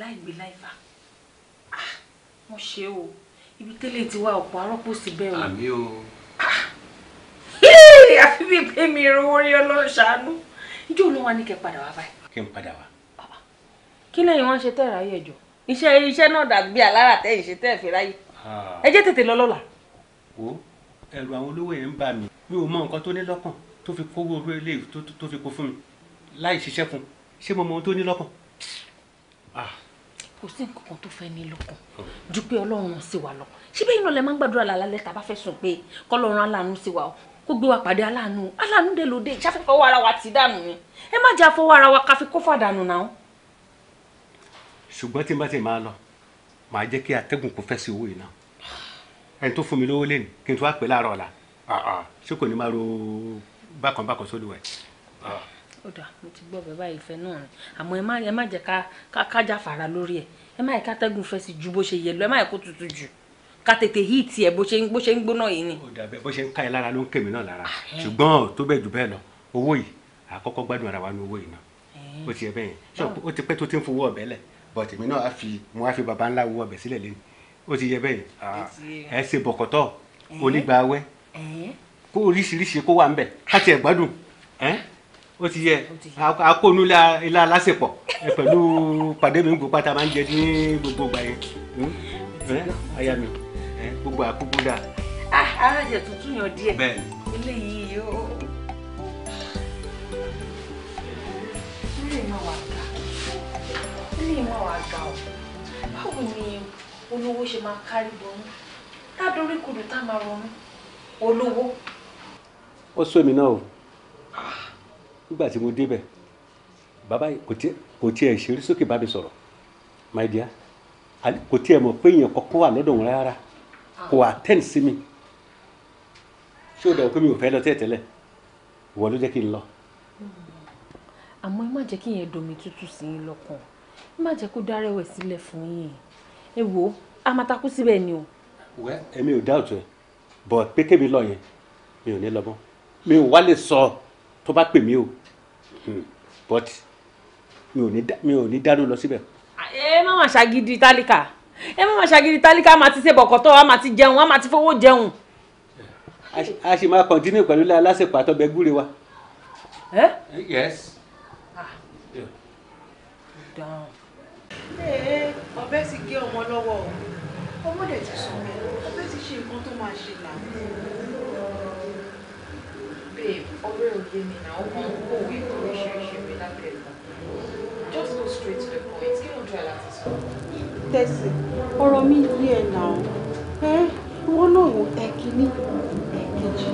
láì gbé láì fà wọ́n ṣe o ibi tẹ́lẹ̀ ti wá ọ̀pọ̀ arọ́pò síbẹ̀ o. àmì o. Ah! àfi bíi pé mi rówó rí ọlọ́run ṣàánú ìjọ olówó ni kẹ́ padà wá báyìí. kí n padà wá. Ah! kí lẹ́yìn wọn ṣe tẹ̀rẹ̀ ayé ẹ̀jọ̀ iṣẹ́ iṣẹ́ náà dàbí alára tẹ̀ ìṣe tẹ̀ fi ráyè ah! ẹ jẹ́ tètè lọ lọ́la. wo ẹ̀rù àwọn olówó yẹn ń bà mí mi ò mọ nǹkan tó ní lọ́kàn tó fi kówó orí ilé tó fi kó fún mi láì ṣiṣẹ́ fún ṣé mo mọ ohun tó ní lọ́kàn. ah kò sí nǹkan kan tó fẹ́ ní lọ́kàn ju pé ọlọ́run sì wà lọ síbẹ̀ yìí lọ lẹ máa ń gbàdúrà lálẹ́ tá a bá fẹ́ sùn pé kọ́lọ́run aláàánú sì wà ó kó gbé wa pàdé aláàánú aláàánú dẹ̀ lóde ìṣàfẹ́fọwọ́ ara wa ti dànù ni ẹ má jẹ́ àfọwọ́ ara wa ká fi kó fàdànù náà. ṣùgbọ́n tí n bá ti máa lọ màá jẹ́ kí atẹ́gùn kó fẹ́ sí owó yìí náà ẹni tó fún mi lówó lẹ́nu kí n tó wá pè láàárọ̀ ọ̀la ah, ah. ṣé kò ní máa ro bákan bákan sódò ẹ̀. Ah ó dà mo ti gbọ́ bẹ́ẹ̀ báyìí ìfẹ́ náà rìn àmọ́ ẹ má ẹ má jẹ́ ká ká jáfara lórí ẹ̀ ẹ má yẹ ká tẹ́gùn fẹ́ sí ju bó ṣe yẹ lọ ẹ má yẹ kó tutù jù ká tètè hí tiẹ̀ bó ṣe bó ṣe ń gbóná yìí ni. ó dà bẹ́ẹ̀ bó ṣe ń ká ẹ lára ló ń kèmí náà lára ah, ṣùgbọ́n tó bẹ́ẹ̀ jù bẹ́ẹ̀ lọ owó yìí àkọ́kọ́ gbádùn ara wa ní owó yìí náà eh. ó ti ẹ bẹ́ẹ̀ yẹn ó ti pẹ́ tó ti ń fowó ah, ọ̀bẹ ó ti yẹ akónú ilé alásèpọ̀ pẹ̀lú pàdé mi ń gbó pátá máa ń jẹ ní gbogbo ìgbà yẹn àyà hmm? mi gbogbo àkókò dà. Ah, arájẹ tuntun yàn díẹ̀ eléyìí yóò. eléyìí máa wà ga eléyìí máa wà ga o báwo ni olówó ṣe máa kárí ronú tádorí kodò tá máa ronú olówó. ó sọ èmi náà o. Ah nígbà tí mo débẹ̀ bàbá kò tiẹ̀ ṣeré sókè bá mi sọ̀rọ̀ my dear kò tiẹ̀ mọ̀ pé èèyàn kankan wà lọ́dọ̀ wọn rárá kò attend sí mi ṣé o dẹ̀ pé mi ò fẹ́ lọ tẹ́tẹ́lẹ̀ ìwọ ló jẹ́ kí n lọ. àmọ́ ẹ má jẹ́ kí yẹn domi tútù sí i lọ́kàn ẹ má jẹ́ kó dárẹ́wẹ̀ sílẹ̀ fún yín ẹ wò ó a máa takú síbẹ̀ ni o. wẹ́ èmi ò dá òtún ẹ bọ̀ pé kémi lọ yẹn mi ò ní lọ mọ́ mi ò wá sọ tó bá pè mí o. Hmm. but mi ò ní mi ò ní dáná lọ síbẹ̀. Ah, ẹ má máa ṣàgídí tálíkà ẹ má máa ṣàgídí tálíkà máa ti ṣe bọ̀kọ̀tọ̀ wa máa ti jẹun wa máa ti fowó jẹun. a ṣì máa kọ̀ntínú pẹ̀lú aláṣepọ̀ àtọ́bẹ̀ gúre wa. ẹ. yes. Ah. ọbẹ̀ ti gé ọmọ lọ́wọ́ ọmọdé ti sùn ọbẹ̀ ti ṣe nǹkan tó máa ṣe làwọn babe, ọ̀rẹ́ òye mi náà ó máa ń kó òwe oríṣiríṣi mi That ẹ̀ka. Just go straight to the point. Kí ló ń try láti sọ? Tẹ̀sí, ọ̀rọ̀ mi yí ẹ̀ náà. Ẹ wọ́n náà wò ẹ̀kíní, ẹ̀kejì,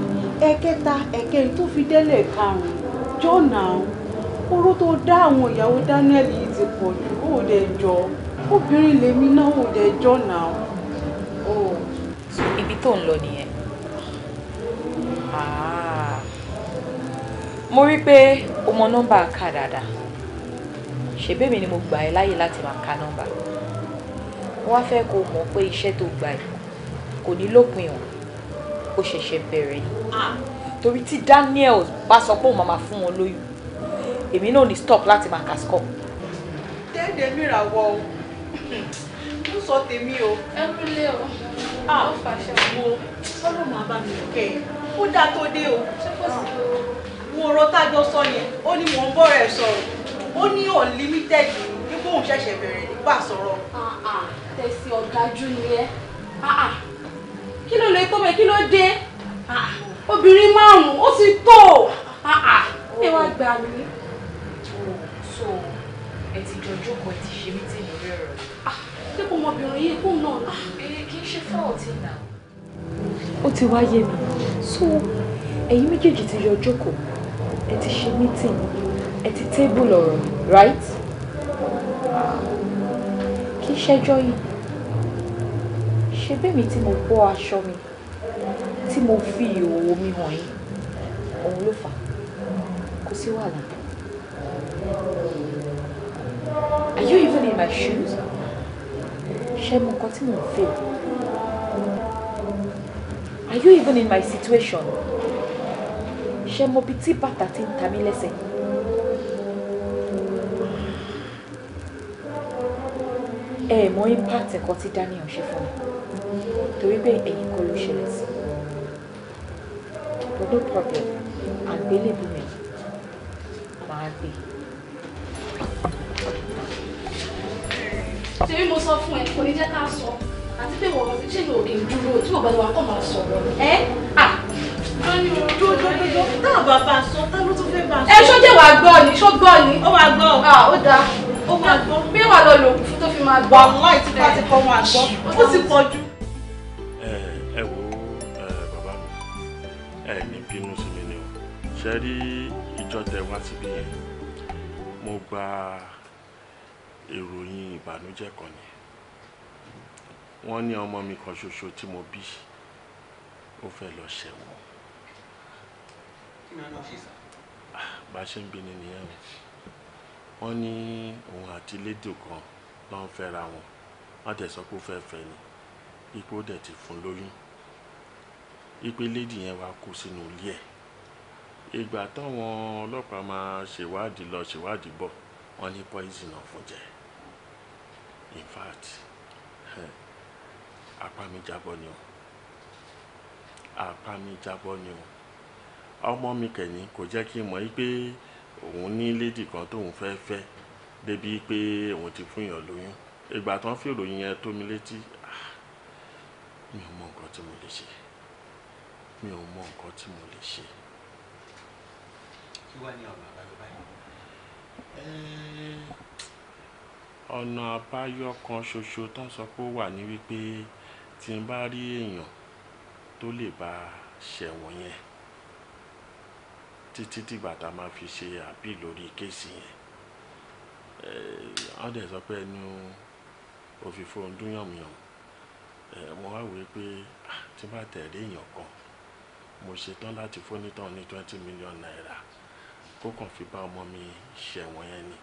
ẹ̀kẹta, ẹ̀kẹrin tó fi délẹ̀ karùn-ún. Jọ́nà oró tó dá àwọn ìyàwó Daniel yìí ti pọ̀ jù ó dẹ̀ jọ. Obìnrin lèmi náà ó dẹ̀ jọ́nà. Oh, ibi tó ń lọ nìyẹn. Ah mo rí pé o mọ nọ́mbà ká dáadáa ṣèbémi ni mo gbà ẹ́ láyè láti máa ka nọ́mbà mo wá fẹ́ kó o mọ̀ pé iṣẹ́ tó gbà yìí kò ní lópin o ó ṣẹ̀ṣẹ̀ bẹ̀rẹ̀ ni torí tí Daniel bá sọ pé òun máa fún wọn lóyún èmi náà ní stop láti máa kà score. dẹ́ẹ̀dẹ̀ mìíràn wọ o mo sọ tèmi o. ẹ kúlé o ah. ó fàṣẹ wo ọlọ́run àbámi kẹ́ ẹ̀ ó dáa tó dé o. ṣé kò sí o gbogbo ọ̀rọ̀ tájọ sọ yẹn ó ní mò ń bọ̀rẹ̀ ó ní unlimited nígbà òun ṣẹ̀ṣẹ̀ bẹ̀rẹ̀ nígbà sọ̀rọ̀. Ah, ah, tẹ̀sí ọ̀gájú ni ẹ́ ah, kí ló lè tó mẹ́ kí ló dé obìnrin márùn-ún ó ti tó ẹ wá gbà mí. so ẹ ti jọ jókòó ẹ ti ṣe mí tí ìrírí ọ̀rọ̀ ṣé kò mọ obìnrin yìí kó náà ní. Eh, kì í ṣe fáwọ̀tì náà. ó ti wá yé mi so ẹ̀yin méjèèjì ti yọ jókòó ẹ ti ṣe meeting ẹ ti table ọ̀rọ̀ right kí ṣẹjọ́ yìí ṣe bẹ́mi tí mo bọ́ aṣọ mi tí mo fi ìhòòhò mi hàn yín òun ló fà kò sí wàhálà. Are you even in my shoes? Ṣé mo nǹkan tí mo fẹ́? Are you even in my situation? ṣe mọ ibi tí bàtà ti ń ta mí lẹ́sẹ̀. ẹ mọ impact ẹ̀kọ́ tí Daniel ṣe fún mi torí pé ẹ̀yìn kọ́ ló ṣẹlẹ̀ sí but no problem àgbélébù mi máa gbé. tèmi mo sọ fún ẹ kò ní jẹ́ ká sọ àti pé wọ́n ti ṣe ní òkè dúró tí kò bá lọ́wọ́ kọ́ máa sọ̀rọ̀ ẹ́ náà bàbá tá ló tún fẹ́ bá sọ. ẹ ṣó jẹ́ wàá gbọ́ ni ṣó gbọ́ ni. ó wàá gbọ́. ó dáa ó máa gbọ́. bí wàá lọ lò fún tó fi máa gbọ́. wàhálà ìtura ti kọ́ wọn àgbọ́ ó ti pọ̀ jù. ẹ ẹ wo bàbá mi ẹ ní bínú sí mi ni o ṣe rí ìjọ tẹ wá síbí yẹn mo gba ìròyìn ìbànújẹ́ kan ni wọ́n ní ọmọ mi kan ṣoṣo tí mo bí ó fẹ́ lọ ṣẹ̀wọ̀n kí ni wọn náà ṣe bá a ṣe ń bini nìyẹn o wọn ní òun àti lédò kan ló ń fẹ́ra wọn wọn tẹ̀ sọ pé ó fẹ́ẹ́ fẹ́ ni ipò dẹ̀ ti fún lóyún ipe lédì yẹn wàá kó sínú ilé ẹ̀ ìgbà táwọn ọlọ́pàá máa ṣèwádìí lọ ṣèwádìí bọ̀ wọ́n ní poison ọ̀fun jẹ́ in fact apá mi jábọ́ ni o apá mi jábọ́ ni o ọmọ mi kẹ̀yìn kò jẹ́ kí n mọ̀ wípé òun ní lady kan tóun fẹ́ fẹ́ débi pé òun ti fún yàn lóyún ìgbà tán fi ìròyìn yẹn tó mi létí ah, mi ò mọ nǹkan tí mo lè ṣe mi ò mọ nǹkan tí mo lè ṣe. kí wàá ní ọ̀nà àbáyọ báyìí. Eh, ọ̀nà àbáyọ kan ṣoṣo tán sọ pé ó wà ní wípé tí n bá rí èèyàn tó lè bá ṣẹ̀wọ̀n yẹn títí dìgbà tá a máa fi ṣe àbí lórí kéèsì yẹn wọ́n dẹ̀ sọ pé ẹnu òfìfo ń dún yànmùyàn mo wá wòye pé tí bá tẹ̀lé èèyàn kan mo ṣetán láti fónítàn ní twenty million naira kó kàn fi bá ọmọ mi ṣẹ̀wọ̀n yẹn ni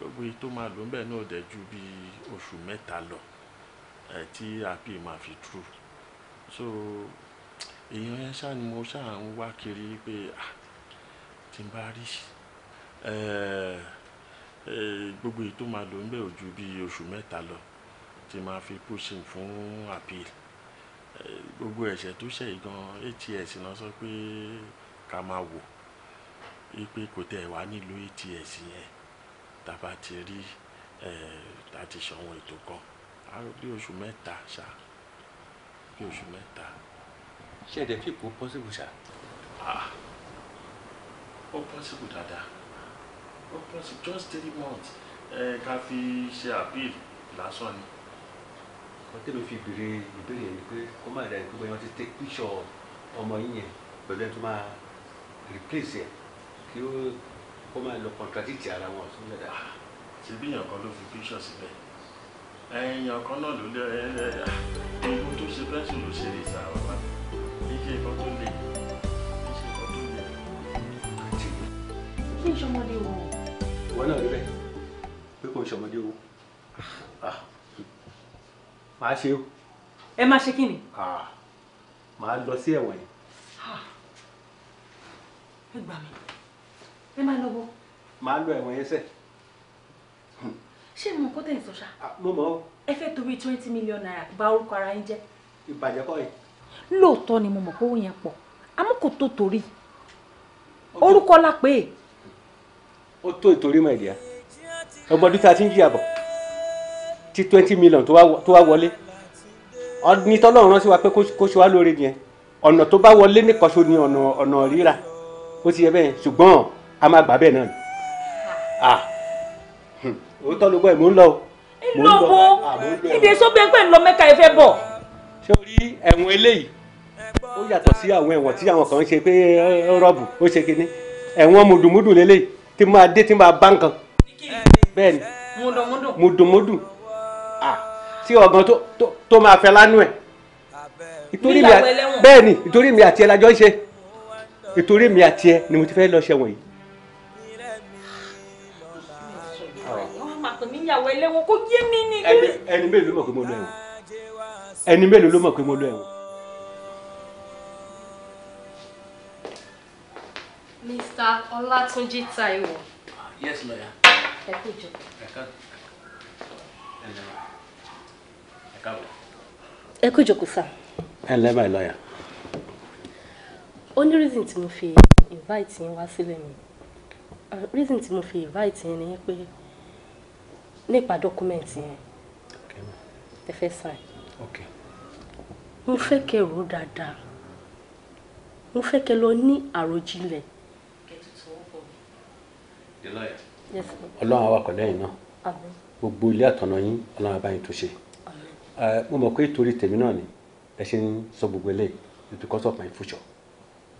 gbogbo tó máa lò ń bẹ̀ náà dẹ̀ ju bíi oṣù mẹ́ta lọ tí àbí máa fi tú so èèyàn yẹn ṣáà ni mo ṣáà ń wá kiri pé ah tí n bá rí gbogbo èyí tó máa lò ń bẹ̀ ò ju bí oṣù mẹ́ta lọ tí máa fi pushing fún appeal gbogbo ẹ̀ṣẹ̀ tó ṣẹ̀ yìí gan ats náà sọ pé ká máa wò wípé kò tẹ̀ wá nílò ats yẹn tàbá ti rí láti ṣọ̀wọ́n ètò kan bí oṣù mẹ́ta ṣá bí oṣù mẹ́ta. ṣé ẹ̀dẹ̀ fipò possible ṣá. Ah ó pọ́sibù dáadáa ó pọ́sibù just three months ká fi ṣe appeal lásán ni. wọ́n tẹ́lẹ̀ fi béèrè ìbéèrè yẹn ni pé kó má dà ní pé wọ́n ti take picture ọmọ yín yẹn pẹ̀lú ẹni tó máa replace yẹn kí ó kó má lọ contradict ara wọn ọ̀tún lẹ́dà. ṣe bí èèyàn kan ló fi picture síbẹ̀ èèyàn kan náà ló lé ẹ̀ ẹ̀ ẹ̀ ẹ̀ ẹ̀ ẹ̀ ẹ̀ ẹ̀ ń ṣọmọdé owó. ìwọ náà rí bẹ́ẹ̀ pé kò ń ṣọmọdé owó màá ṣe o. ẹ máa ṣe kí ni. màá lọ sí ẹ̀wọ̀n yẹn. ẹ gbà mí ẹ máa lọ bọ. màá lọ ẹ̀wọ̀n yẹn sẹ́. ṣé mo kó tẹ̀ ń sọ ṣá. mo mọ̀ ọ́. ẹ fẹ́ torí twenty million naira bà orúkọ ara yín jẹ́. ìbàjẹ́ kọ́ yìí. lóòótọ́ ni mo mọ̀ pé owó yẹn pọ̀ àmọ́ kò tó torí orúkọ la pè é ó tó ìtorí mọ̀ ìdíyà ọgbọ́n dúkìá ti ń jìyà bọ̀ tí twenty million tó wá wọlé ní tọ́lọ́run rán sí wa pé kó ṣe wá lóore yẹn ọ̀nà tó bá wọlé nìkanṣo ni ọ̀nà ọ̀nà rírà ó ti yẹ bẹ́ẹ̀ ṣùgbọ́n a máa gbà bẹ́ẹ̀ náà ni òótọ́ ló gbọ́ ẹ̀ mò ń lọ o mò ń lọ ìdè sọ́gbẹ́ pẹ̀ ń lọ mẹ́ka ẹ fẹ́ bọ̀. ṣé o rí ẹ̀wọ̀n eléyìí ó yàtọ̀ sí àwọn ẹ̀wọ̀n tí àwọn kan ń ṣe pé rọ́ọ̀bù ó ṣe kinní ẹ̀wọ̀n mùdùmùdù lélẹ́yìí tí máa dé tí máa bá nǹkan bẹ́ẹ̀ ni mùdùmùdù tí ọ̀gán tó máa fẹ́ lánú ẹ̀ ìtorí mi bẹ́ẹ̀ ni ìtorí mi àti ẹ lájọ́ ń ṣe ìtorí mi àti ẹ ni mo ti fẹ́ lọ ṣẹ̀wọ̀n yìí. ẹni mélòó ló mọ̀ pé mo lọ ẹ̀wọ̀n ẹni mélòó ló mọ̀ pé mo lọ ẹ̀wọ̀n. Mr. Olatunji Taiwo. Uh, yes, lawyer. I kú jọ. Ẹ kú jọ kù sá. Ẹ lẹ́ my lawyer. Only reason to mo fi invite yín wá sílẹ̀ mi. Uh, reason tí mo fi invite yín ni documents nípa document yẹn. Ẹ sign. Okay. Mo fẹ́ kẹ́ rò ó dáadáa. Mo fẹ́ kẹ́ lọ ní àròjinlẹ̀ ọlọ́run àwa kọ̀ lẹ́yìn náà gbogbo ilé àtọ̀nà yín ọlọ́run àbáyín tó ṣe mo mọ̀ pé torí tèmi náà ni ẹ ṣe ń sọ gbogbo eléyìí because of my future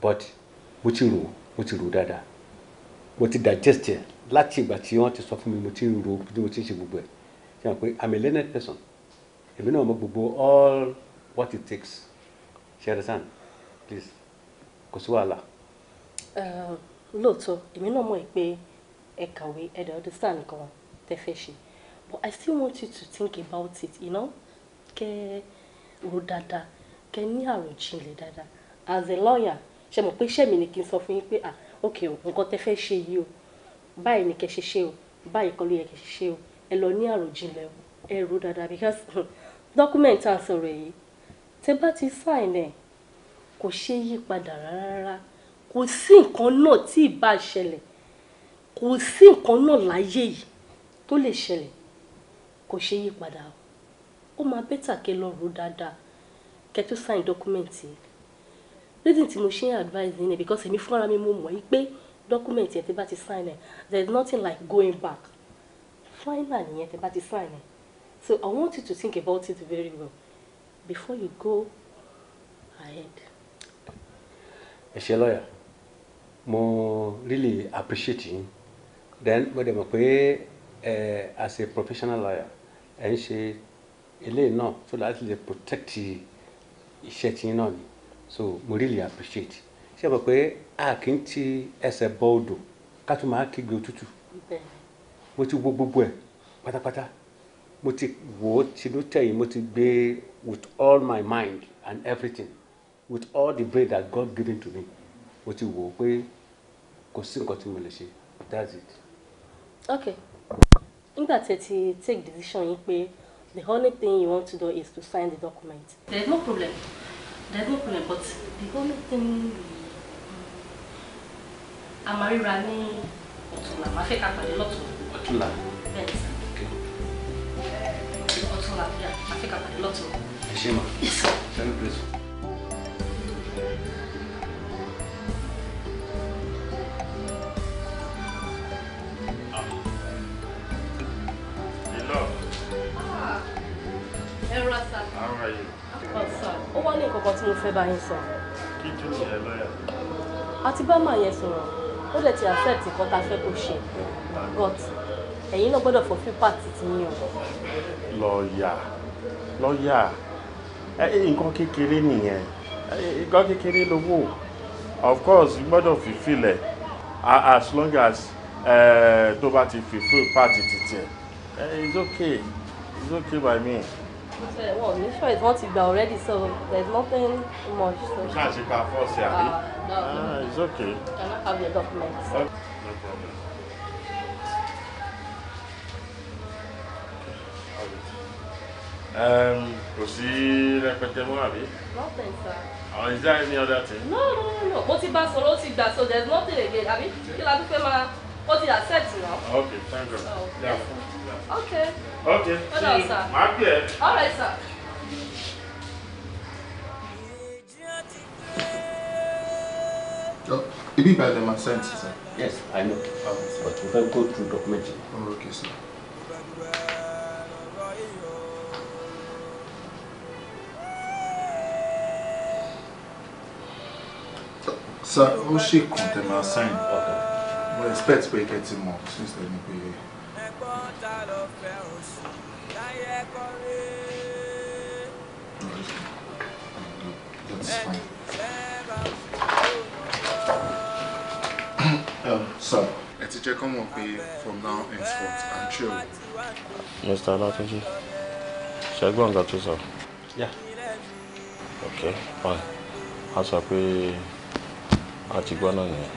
but mo ti rò mo ti rò dáadáa mo ti digest ẹ láti ìgbà tí wọ́n ti sọ fún mi mo ti rò bí mo ti ṣe gbogbo ẹ̀ ṣe hàn pé i'm a learned person èmi náà mọ̀ gbogbo all what it takes ṣe understand please kò sí wàhálà. lóòótọ́ èmi náà mọ̀ pé ẹ kàwé ẹ dẹ̀ understand nǹkan tẹ́ fẹ́ ṣe but I still want you to think about it you know kẹ́ ro dáadáa kẹ́ ní àròjinlẹ̀ dáadáa as a lawyer ṣe mọ̀ pé iṣẹ́ mi ni kí n sọ fún yín pé ah ok nǹkan tẹ́ fẹ́ ṣe yìí o báyìí ni kẹ́ ṣe ṣe o báyìí kọ́ ló yẹ kẹ́ ṣe ṣe o ẹ lọ ní àròjinlẹ̀ o ẹ ro dáadáa because document tá a sọ̀rọ̀ yìí tẹ́ bá ti sign ẹ̀ kò ṣeé yí padà rárá kò sí nǹkan náà tí ì bá ṣẹlẹ̀ kò sí nǹkan náà láyé yìí tó lè ṣẹlẹ̀ kò ṣe yí padà o ó máa bẹ́tà kẹ́ lọ rò dáadáa kẹ́ tó sign document yìí reason tí mo ṣe ń advise yìí ni because èmi fúnra mi mo mọ̀ yí pé document yẹn tí bá ti sign ẹ̀ there is nothing like going back final yẹn tí bá ti sign ẹ̀ so I want you to think about it very well before you go ahead. ẹ ṣé lọ́yà mo really appreciate yín then mo dẹ̀ mọ̀ pé ẹ as a professional lawyer ẹ ń ṣe eléyìí so that lè protect iṣẹ́ tí náà ni so mo really appreciate ṣé mọ̀ pé a kì í ti ẹsẹ̀ boldo. odò ká tún máa kígbe òtútù mo ti wo gbogbo ẹ̀ pátápátá mo ti wò ó tinú tẹ̀yìn mo ti gbé with all my mind and everything with all the bread that God given to me mo ti wò ó pé kò sí nǹkan tí mo lè ṣe that's it ok nígbà tí ẹ ti take decision yín pé the only thing you want to do is to sign the document. there is no problem there is no problem but the only thing amarira ní ọ̀túnla máa fẹ́ ká pàdé lọ́tún. ọ̀túnla. bẹ́ẹ̀ sá ọ̀túnla máa fẹ́ ká pàdé lọ́tún. ẹ ṣe ma. yes sir. very pleasant. nǹkan tí mo fẹ́ bá yín sọ. kí tó ti ẹ lọ́yà. a ti bá màá yẹn sọ̀rọ̀ ó dẹ̀ ti accept nǹkan tá a fẹ́ kó ṣe but ẹ̀yin náà gbọ́dọ̀ fọ́ fípa títí yín o. lọ́ọ̀yà lọ́ọ̀yà nǹkan kékeré nìyẹn nǹkan kékeré lówó of course gbọ́dọ̀ fìfilẹ̀ as long as tó bá ti fìfil pàtì títì ẹ̀ it's okay it's okay by me. Well, this ní is not. ti already so There's nothing much. ṣáà ṣe pa fọ́ọ̀sì àbí. ah it's okay. you cannot have your documents. Okay. no problem. kò sí rẹpẹtẹ mọ́ àbí. nothing sir. or is there any other thing. no no no mo ti bá a sọ̀rọ̀ ó ti gbà so there's nothing again àbí kí la dúpẹ́ máa ó ti accept now. okay thank you. Oh, okay. yeah. Okay. Okay. Hold on, sir. Máa pè All right, sir. Ibi ìgbà lè máa send sir. Yes, I know. Okay, But we can go through document. Oh, okay, sir. Sir, who ṣèkùn tẹ̀ máa sign. Okay. We expect pé kẹ́ ti mọ̀ since then ni pé gbọ́n ta lọ fẹ́ oṣù láyé kọ́rí. ẹni ìfẹ́ bá fún òun lọ. ẹ ti jẹ́ kọ́ mọ̀ pé from now henceforth i'm chill. mr alatunji ṣẹ́gbọ́n nǹkan tó sọ. ok fine a sọ pé a ti gbọ́ náà nìyẹn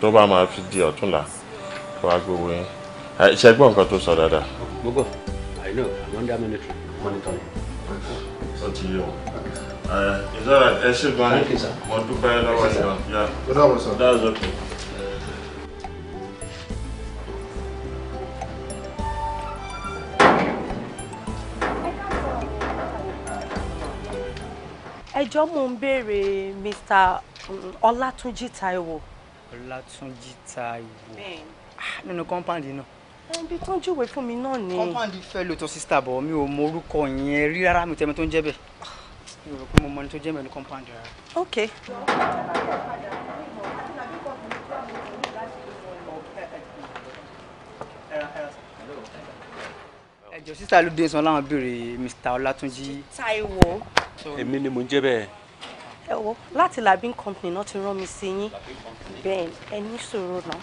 tó bá máa fi di ọ̀túnla kó a gbowó yín ṣe gbọ́ nǹkan tó sọ dáadáa. gbogbo i know i'm under military monitoring. ó ti yé wọn. ìjọba ẹ ṣe gan-an mo dúpẹ́ lọ́wọ́ ìjọba. ó dáwọ́ sọ. that's okay. ẹjọ́ mò ń béèrè Mr. Ọlátúnjí Táíwò. Ọlátúnjí Táíwò ah, nínú kọ́ńpáàndì náà ibi tó ń júwèé fún mi náà ni. compound fẹ́ lò tó sísítà bọ̀ mi ò mọ orúkọ yẹn rí rárá mi tẹ́mi tó ń jẹ́ bẹ̀ mi ò rò pé mo mọ ẹni tó jẹ́ bẹ̀ ní rárá. ok. ẹjọ sísá ló dé sàn láwọn béèrè Mr. Ọlátúnjí. Táíwò. èmi ni mo ń jẹ́ bẹ́ẹ̀. ẹ wo láti labin company náà ti rán mi sí yín bẹ́ẹ̀ ẹ ní sọ̀rọ̀ náà.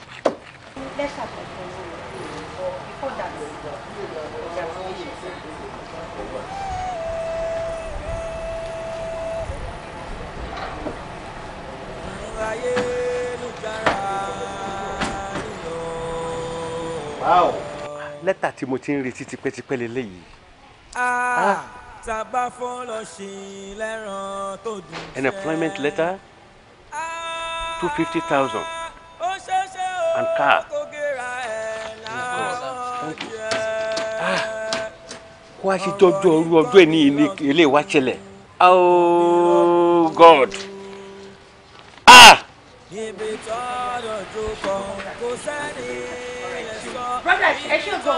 lẹ́tà kọ̀ọ̀kan ló Wow. Lẹ́tà tí mo ti ń retí tipẹ́tipẹ́ leléyìí. Ah, ah. Tàbá fún lọ sí lẹ́ràn tó dùn jẹ́. An employment letter ah, two fifty thousand and car kó a ṣe tọ́jú ọrú ọjọ́ ẹni ilé wa ṣẹlẹ̀ oh god ah. brothers ẹ ṣe gbọ́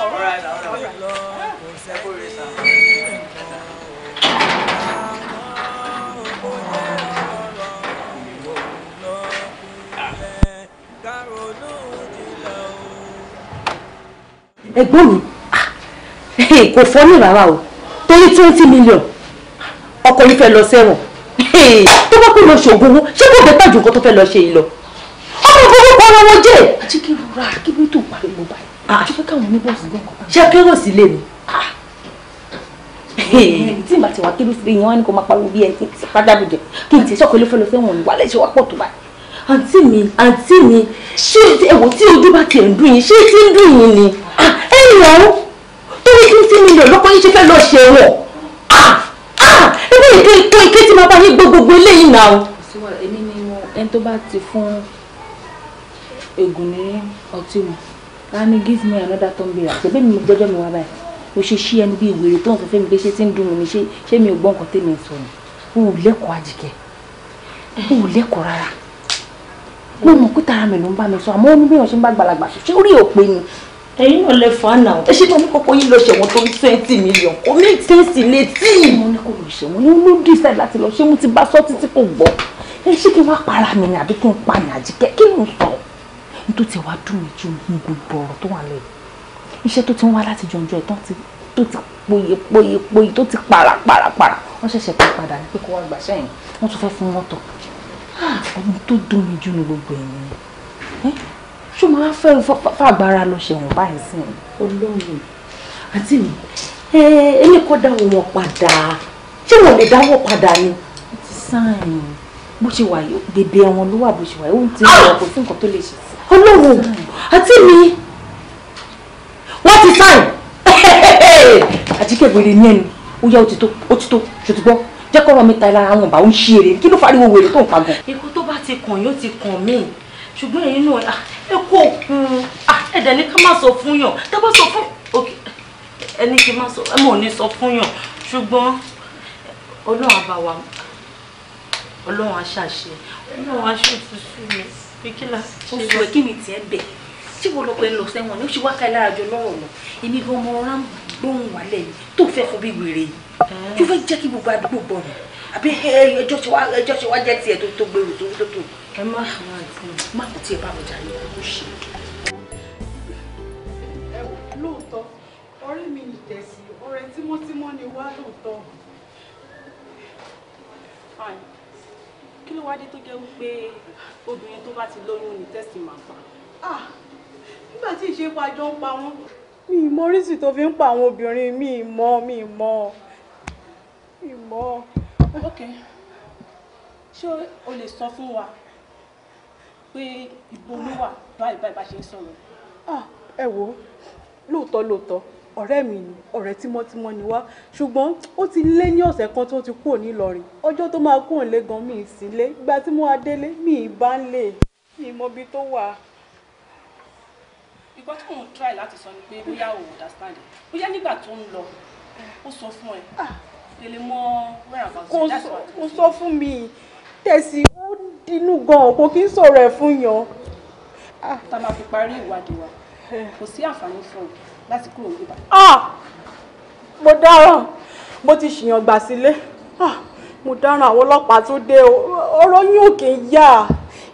ẹ̀gbọ́n mi ah, kò fọ́ ní rárá o torí twenty million ọkọ yìí fẹ́ lọ sẹ́wọ̀n tó bá pè lọ ṣògùn owó ṣé kò bẹ́ẹ̀ tàjù nǹkan tó fẹ́ lọ ṣe yìí lọ ọmọ gbogbo kọ́ ọ̀rọ̀ wọn jẹ́. àti kí ló ra kí ló tó pariwo báyìí ah. àti fẹ́ káwọn oníbọ̀sì gbọ́n kọ́. ṣé kérò sí lè mi. Ah. tí màá ti wá kí ló fi yan wá ní kó máa pariwo bí ẹ ti padà bìjẹ kí n ti sọ́kọ̀ ilé fẹ́lẹ́ fẹ́wọ̀n ní wàhálà ìṣẹ́wà pọ̀ tó báyìí. àǹtí mi àǹtí mi ṣé ẹ̀wọ̀ tí ojú bá tiẹ̀ ń dùn yín ṣé kí ń dùn yín ni lẹ́yìn ọ̀hún torí fifteen million lọ́kọ́ yín ṣe fẹ́ lọ ṣe wọ̀ ẹgbẹ́ ìké tó ìké tí mo bá yín gbogbogbò eléyìí nà o. èmi ni mo ẹni tó bá ti fún ègùn ní ọtí mu ká give me another turn bí i àti bẹ́ẹ̀ mi gbọ́jọ́ mi wá báyìí o ṣe ṣí ẹni bí ìwèrè tó ń sọ fẹ́mi pé ṣé tí ń dùn mí ni ṣé mi ò gbọ́ nǹkan tèmi sọ ni o ò lẹ́kọ̀ọ́ àjìkẹ́ o ò lẹ́kọ̀ọ́ rárá mo mọ̀ pé tara mi ló ń bá mi sọ àmọ́ ó ní bí wọ́n ṣe ń bá gbalagbà ṣe orí òpin ni ẹ̀yin náà lè fa náà. ẹ ṣe ní oníkókó yìí lọ ṣẹ̀wọ̀n tó ní twenty million kò ní ìtẹ́sí létí. mo ní kò lọ ṣẹ̀wọ̀n yóò ló dì sáì láti lọ ṣé mo ti bá sọ títí kò gbọ́. ẹ ṣé kí n wá para mi ni àbí kí n pa ní àjíkẹ́ kí n sọ. n tó ti wá dùn mí ju gbogbo ọ̀rọ̀ tó wà lẹ́yìn. iṣẹ́ tó ti ń wá láti jọjọ ẹ̀ tó ti poye poye poye tó ti para para para wọ́n ṣẹ̀ṣẹ̀ pé padà ní pé kó wá gbàṣẹ́ ṣó máa fẹ́ fàgbára lọ ṣẹ̀wọ̀n báyìí sí i ọlọ́run àti mi èmi kọ́ dáwọ́ wọn padà ṣé wọn lè dáwọ́ padà ni. ti sáàyàn bó ṣe wà yìí bèbè ẹ̀wọ̀n ló wà bó ṣe wà yìí ó ń ti rẹ̀ ah! kò sí nǹkan tó lè ṣe sí. ọlọ́run àti mi wọ́n ti sáàyàn àjíkèbèrè ní ẹnu ó yá òtítọ́ òtítọ́ ṣòtúgbọ́ jẹ́ kọ́rọ̀ mi ta ẹ lára wọn bá ń ṣe eré kí ló fariwo wèrè tó ń pa ikú tó bá ti kàn yóò ti kàn mí ṣùgbọ́n èyí náà ah, ẹ kú ah ẹ̀dẹ̀ ní ká má sọ fún yàn tẹ́ bá sọ fún ẹni kí má sọ ẹ mọ̀ ní sọ fún yàn ṣùgbọ́n ọlọ́run àbáwá ọlọ́run aṣàṣe ọlọ́run aṣòtútù mi pé kí láti ṣe lọ. oṣù kí ni tiẹ̀ bẹ̀ tí wọ́n lọ pé ń lọ sẹ́wọ̀n ní oṣù wákàtí lára jọ lọ́rọ̀ lọ èmi gan ọmọ ọ̀rá gbóhùn wálẹ̀ yìí tó fẹ́ fún bí wèrè yìí tó fẹ́ jẹ́ kí gbogbo àdúgbò gbọ́ rẹ̀ àbí eh, ẹjọ́ ṣe wá ẹjọ́ ṣe wá jẹ́ tiẹ̀ tó tó gbèrò tó tó tó. ẹ má àwọn àti má kò tiẹ̀ bá mi jà ní kókó ṣe. ẹ wò lóòótọ́ ọ̀rẹ́ mi nìtẹ̀sí ọ̀rẹ́ tímọ́tímọ́ ni wá lóòótọ́ kí ló wá dé tó jẹ́ wípé obìnrin tó bá ti lóyún ní tẹ́sì máa pa. Ah, nígbà tí ìṣe pa jọ ń pa wọ́n. mi ì mọ oríṣìí tó fi ń pa àwọn obìnrin mi ì mọ mi ì mọ mi ì mọ ok ṣé o lè sọ fún wa pé ibo ló wà báyìí báyìí bá ṣe ń sọ̀rọ̀. ẹ wo lóòótọ́ lóòótọ́ ọ̀rẹ́ mi ni ọ̀rẹ́ tímọ́tímọ́ ni wá ṣùgbọ́n ó ti lé ní ọ̀sẹ̀ kan tó ti kúrò nílọrin ọjọ́ tó máa kúrò lé gan mi ìsílé ìgbà tí mo wá délé mi ìbá ń lè mi mọ ibi tó wà. ìgbà tí ń try láti sọ ni pé bóyá o understand bóyá nígbà tó ń lọ ó sọ fún ẹ kò sọ fún mi tẹ̀sí ó dínú gan-an kò kí ń sọ̀rọ̀ ẹ̀ fún yan. Ah. tá a máa fi parí ìwádìí wa kò sí àǹfààní fún un láti kúrò níbà. Ah! mo dáràn mo ti ṣìyàn gbà sílé ah! mo dáràn àwọn ọlọ́pàá tó dé ọ̀rọ̀ yín ò kì í yá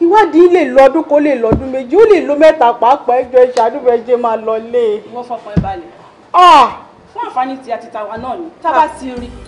ìwádìí lè lọ́dún kó lè lọ́dún méjì ó lè lo mẹ́ta pàápàá ẹjọ́ ìṣàdúgbẹ́jẹ́ máa lọ lé. wọ́n fọkàn ẹ balẹ̀. fún àǹfààní ti àti náà ni tá a bá ti rí i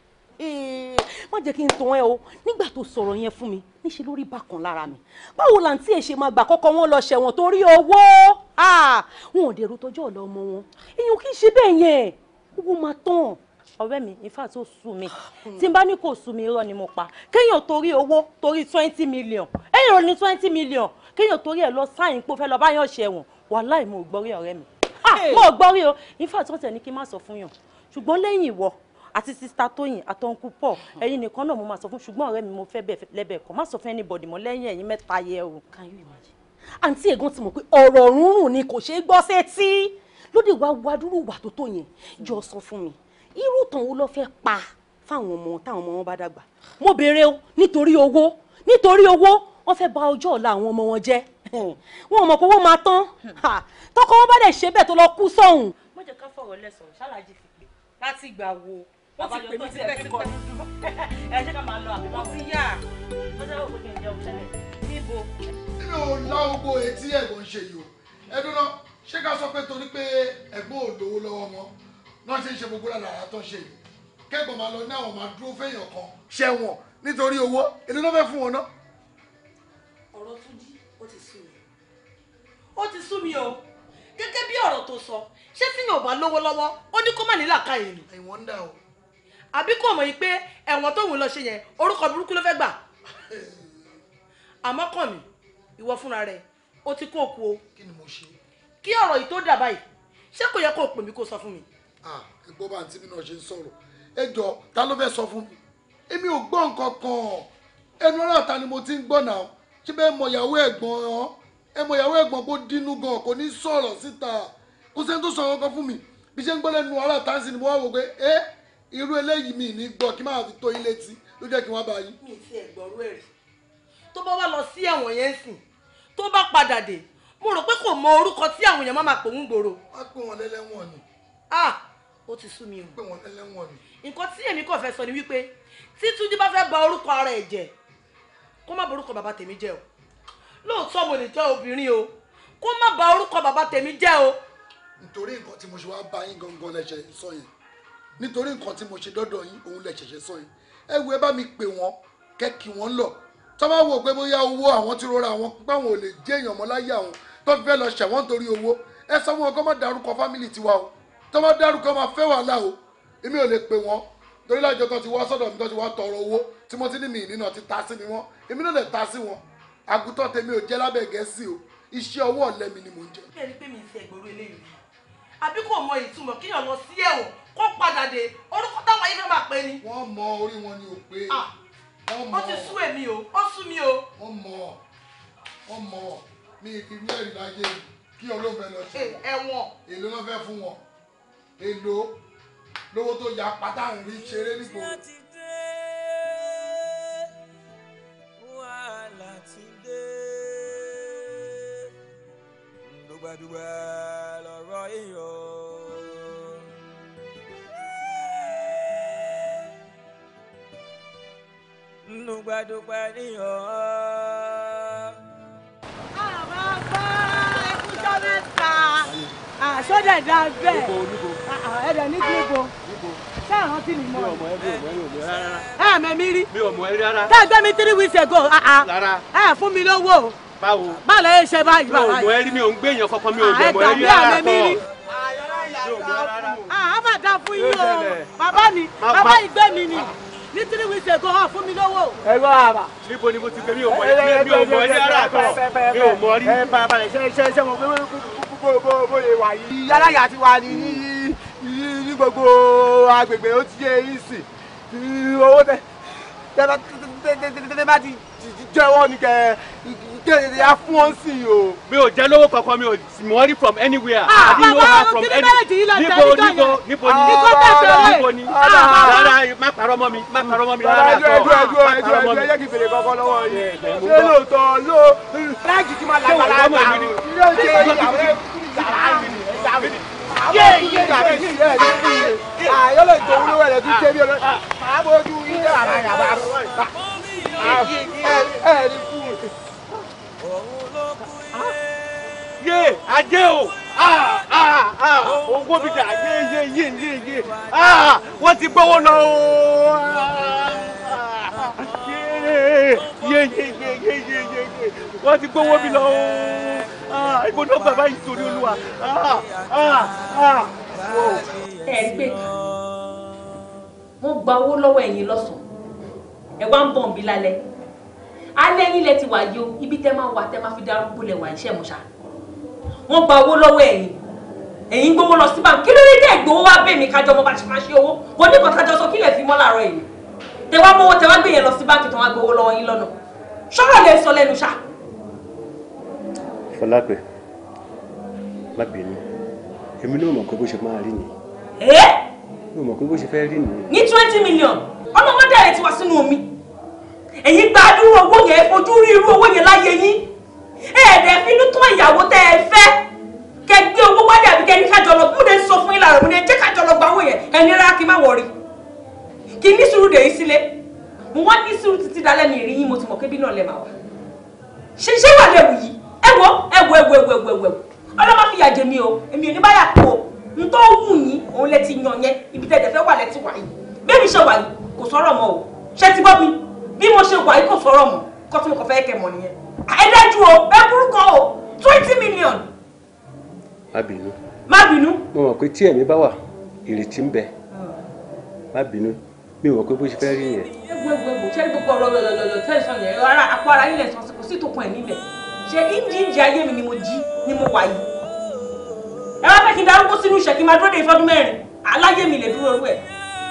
Eh, má jẹ́ kí n tan ẹ o nígbà tó sọ̀rọ̀ yẹn fún mi níṣẹ́ lórí bákan lára mi báwo làǹtí ẹ̀ ṣe máa gbà kọ́kọ́ wọn lọ ṣẹ̀wọ̀n torí owó wọn ò dẹ̀rù tọjọ́ ọ̀la ọmọ wọn èèyàn kì í ṣe bẹ́ẹ̀ yẹn owó máa tán ọ̀rẹ́ mi ìfà tó sú mi hmm. tí n bá ní kò sú mi irọ́ ni mo pa kéèyàn torí owó torí twenty million èèyàn ní twenty million kéèyàn torí ẹ̀ lọ sáyìn pé ó fẹ́ lọ báyọ̀ ṣẹ̀wọ̀n wàláì mo gbọ́rí ọ̀rẹ́ mi mo gbọ́rí o ìfà tó tẹ̀ ní kí n má sọ fún yàn ṣùgbọ́n lẹ́yìn ìwọ àti sista tóyìn àtọ̀nkù pọ̀ ẹ̀yin nìkan náà mo máa sọ fún ṣùgbọ́n ọ̀rẹ́ mi mo fẹ́ bẹ̀ lẹ́bẹ̀ kan má sọ fún anybody mọ́ lẹ́yìn ẹ̀yin mẹ́ta yẹ o. Can you imagine? àǹtí ẹ̀gán ti mọ̀ pé ọ̀rọ̀ rúnrún ni kò ṣeé gbọ́ sétí lóde wàá wá dúró wà tó tó yẹn jọ sọ fún mi irú tàn wo ló fẹ́ pa fáwọn ọmọ táwọn ọmọ wọn bá dàgbà mo béèrè o nítorí owó nítorí owó wọ́n fẹ́ bà ọjọ́ ọ̀la àwọn ọmọ wọn jẹ́ wọn ò mọ̀ pé owó máa tán tọkọ wọn bá dẹ̀ ṣe bẹ́ẹ̀ tó lọ kú sọ̀hún. mo jẹ́ ká fọ̀rọ̀ lẹ́sọ̀rọ̀ ṣáláàjì fi pè láti ìgbà wo wọ́n ti pè mí ti pẹ́ tipẹ́ ẹ jẹ́ ká máa lọ àbí wọ́n ti yá kí n jẹun ṣẹlẹ̀ etí ẹ̀gbọ́n ṣe yìí o ẹdún náà ṣé ká sọ pé torí pé ẹ̀gbọ́n ò lówó lọ́wọ́ mọ́ náà ṣe ń ṣe gbogbo làlàyé tó ṣe yìí kẹ́gbọ̀n máa lọ ní àwọn máa dúró fẹ́yàn kan ṣẹ̀wọ̀n nítorí owó èlé ló fẹ́ fún wọn náà. ọ̀rọ̀ tún jí ó ti sú mi ó ti sú mi o gẹ́gẹ́ bí ọ̀rọ̀ tó sọ ṣé tíyàn ò bá lówó lọ́wọ́ ó ní kó má nílà àbí kò mọ̀ yìí pé ẹ̀wọ̀n tóun lọ ṣe yẹn orúkọ burúkú ló fẹ́ gbà àmọ́ kàn mí ìwọ fúnra rẹ o ti kó o kú o kí ni mo ṣe kí ọ̀rọ̀ yìí tó dà báyìí ṣé kò yẹ kó o pè mí kó o sọ fún mi. ẹgbọ́n bá àǹtí mi náà ṣe ń sọ̀rọ̀ ẹ jọ ta ló fẹ́ sọ fún mi èmi ò gbọ́ nǹkan kan ẹnu ọ̀rọ̀ ta ni mo ti ń gbọ́ náà ṣé bẹ́ẹ̀ mọ ìyàwó ẹ̀gbọ́n ẹ mọ ìyàwó ẹ̀gbọ́n kó dínú gan kò ní sọ̀rọ̀ síta kò sẹ́ni tó sọ̀rọ̀ kan fún mi bí ṣe ń gbọ́ lẹ́nu ọ̀rọ̀ ta sí ni mo wá wò pé ẹ́ irú eléyìí mi ní gbọ́ kí máa fi tó yín létí ló jẹ́ kí wọ́n bá yín. mi ti ẹ̀gbọ́rú ẹ̀ rí tó bá wá lọ sí ẹ̀wọ̀n yẹn sìn tó bá padà dé mo rò pé kò mọ orúkọ tí àwọn èèyàn máa máa pè ń gbòòrò. wọ́n pè wọ́n lẹ́lẹ́wọ̀n ni. ah ó ti sú mi o. pé wọn lẹ́lẹ́wọ̀n ni. nǹkan tí èmi kò fẹ́ sọ ni wípé tí túnjí bá fẹ́ bà orúkọ ara ẹ̀ jẹ́ kó má bà orúkọ bàbá tèmi jẹ́ o lóòótọ́ mo lè jẹ́ obìnrin o kó má bà orúkọ bàbá tèmi jẹ́ o. nítorí nǹkan tí mo ṣe wá bá yín gangan lẹ́sẹ̀ sọ yẹn nítorí nǹkan tí mo ṣe dọ́dọ̀ yín òun lè ṣẹ̀ṣẹ̀ sọ yìí ẹ wo ẹ bá mi pè wọ́n kẹ́kì wọ́n lọ tó bá wò pé bóyá owó àwọn ti rọra àwọn pípẹ́ àwọn ò lè jẹ́ èèyàn mọ́ láyé àwọn tó fẹ́ lọ ṣẹ̀wọ́n torí owó ẹ sọ wọn kó má dárúkọ fámìlì tiwa o tó má dárúkọ má fẹ́ wàhálà o èmi ò lè pè wọ́n torí lájọ tó ti wá sọ́dọ̀ mi tó ti wá tọrọ owó tí mo ti ní mi ìnínà ti ta sí mi wọ́n èmi náà lè ta sí wọn àgùntàn tèmi ò jẹ́ lábẹ́ gẹ̀ẹ́sì o iṣẹ́ ọwọ́ ọ̀lẹ́mi ni mò ń jẹ. kí ẹ rí pé mi ń ṣe ìgboro eléyìí àbí kò mọ ìtumọ̀ kíyàn lọ sí ẹ̀wọ̀n kó padà dé orúkọ táwọn ayé fẹ́ máa pè ní. wọ́n mọ orí wọn ni ò pé. ó ti sú èmi o ó sú mi o. wọ́n mọ̀ wọ́n mọ̀ mi kì í mẹ́rin láyé kí olóòfẹ́ lọ ṣe wọn. èlò náà fẹ́ fún wọn èlò lówó tó ya pátá rí ṣeré nípò. wàhálà ti dé dùgbàdùgbà dúpẹ́dúpẹ́ ní ọ́. àwọn ọgbà ẹkújọ mẹ́ta àṣọdẹ dá bẹ́ẹ̀ ẹdẹ ní kíbo ṣé àwọn tí mi mọ ẹ ẹ mẹmí rí tẹ ẹ gbé mi three weeks ago ẹ fún mi lówó báwo báwo lè ṣe báyìí báyìí. mi ò mọ ẹrí mi ò ń gbé èèyàn kankan mi ò dẹ̀ mọ ẹrí rárá kọ́ àbàdà fún yín o bàbá mi bàbá ìgbé mi ni ní three weeks ago hàn fún mi lówó. ẹ̀rọ àbà. níbo ni mo ti gbé mi ò mọ̀ ẹ́ mi ò mọ̀ ẹ́ ní ara àtọ̀ mi ò mọ̀ rí. ẹ bàbá rẹ ṣe ṣe ṣe mo gbé bóyè wà yìí. yàrá yà ti wà ní ní gbogbo agbègbè ó ti yé yìí sì owó tẹ tẹ tẹ tẹ tẹ bá ti jẹ́wọ́ ni kẹ́ẹ́ jẹ́ ìyá fún ọ́n sí i o. mi ò jẹ́ lówó kankan mi ò mọ̀ rí from anywhere. àbí no ha from any níbo níbo níbo ni níbo ni rárá má parọ́ mọ́ mi má parọ́ mọ́ mi rárá kọ́ má parọ́ mọ́ mi. ẹ jẹ́ kí fèrè kankan lọ́wọ́ yìí ṣé lóòótọ́ ló láìjì kí máa lágbára àgbà yóò ṣe ìyàwó ẹ̀ Ayọ̀ lè tó wúlò wẹ̀rẹ̀ tún ṣe bí ọlọ́dún. Màá bójú yín dé àrà yàrá. Ẹ ẹ rí kú. yé ajé o ah, ah, ah. owó mi dà yé yé yé yé yé wọ́n ti gbówó lọ o yé yé yé yé yé yé wọ́n ti gbówó mi lọ o ibo náà bàbá yìí torí olúwa. ẹ gbé wọn gba owó lọ́wọ́ ẹ̀yin lọ́sàn-án ẹ wá ń bọ̀ ń bí lálẹ́ alẹ́ yín lẹ ti wà yìí o ibi tẹ́ máa wà tẹ́ máa fi darúgbó lẹ̀ wà iṣẹ́ mọ̀ṣáà wọ́n gba owó lọ́wọ́ ẹ̀yìn ẹ̀yìn gbowó lọ sí báńkì kí ló dé dẹ́ gbowó wá bẹ́ẹ̀ mi kájọ mo bá ṣe máa ṣe owó kò ní kọ́ta jọ sọ kílẹ̀ fi mọ́ làárọ̀ yìí tẹwà mọ́wọ́ tẹwà gbé yẹn lọ sí báńkì tó wá gbowó lọ́wọ́ yín lọ́nà ṣọ́rọ̀ lè sọ lẹ́nu ṣá. Fọlápẹ má bínú èmi náà mọ̀ pé bó ṣe máa rí ni. ẹ. mi ò mọ̀ pé bó ṣe fẹ́ rí ni. ní twenty million ọlọ́wọ́ dẹ̀rẹ̀ ti wá sínú omi ẹ̀yin gbàdúrà owó yẹn fojú rí irú owó yẹn láyé yín ẹ̀ẹ́dẹ̀ finú tán ìyàwó tẹ́ ẹ fẹ́ kẹ gbé owó wá dàbí kẹ ní kájọ lọ bóde sọ fún ìlànà bóde jẹ́ kájọ lọ gba owó yẹn ẹni rárá kí n má wọrí kí n ní sùúrù dè yín sílé mo wá ní sùúrù títí dalẹ́ mi rí yín mo ti mọ̀ kébí náà lẹ́ máa wà ṣe ṣé wà lẹ́wù yìí ẹ wọ ẹ wọ ẹ wọ ẹ wọ ẹ wọ ọlọ́mọ fi yàjẹ mi o èmi ò ní báyà kú o n tó wù yín òun lẹ ti yan yẹn ibi tẹ̀tẹ̀ fẹ́ wà lẹ ti wà yìí bẹ́ẹ̀ mi ṣe wà yìí kò sọ̀rọ̀ mọ́ o ṣe ti gbọ́ mi bí mo ṣe wà kò sọ̀rọ̀ mọ́ kọ́tùmọ̀kọ́ fẹ́ kẹ́ mọ̀ nìyẹn ẹ dájú o ẹ burúkọ o twenty million. má bínú. má bínú. mo mọ̀ pé tí ẹ̀mí bá wà ìrètí ń bẹ hmm. má bínú mi ò mọ̀ pé bó ṣe fẹ́ rí yẹn. egbògbò ṣé gbogbo ọ̀rọ̀ lọ̀lọ̀lọ̀ tẹ̀sán yẹn ara apá ara ilẹ̀ sọ̀sẹ̀ kò sí ìtòkùn ẹ̀ nílẹ̀ ṣe ìjìnjì ayé mi ni mo jí ni mo wà yìí. ẹ wá fẹ́ kí n darúgbó sínú ìṣẹ́ kí n máa dúró de ìfọ́dún mẹ́rin aláyé mi lè dúró orú ẹ̀.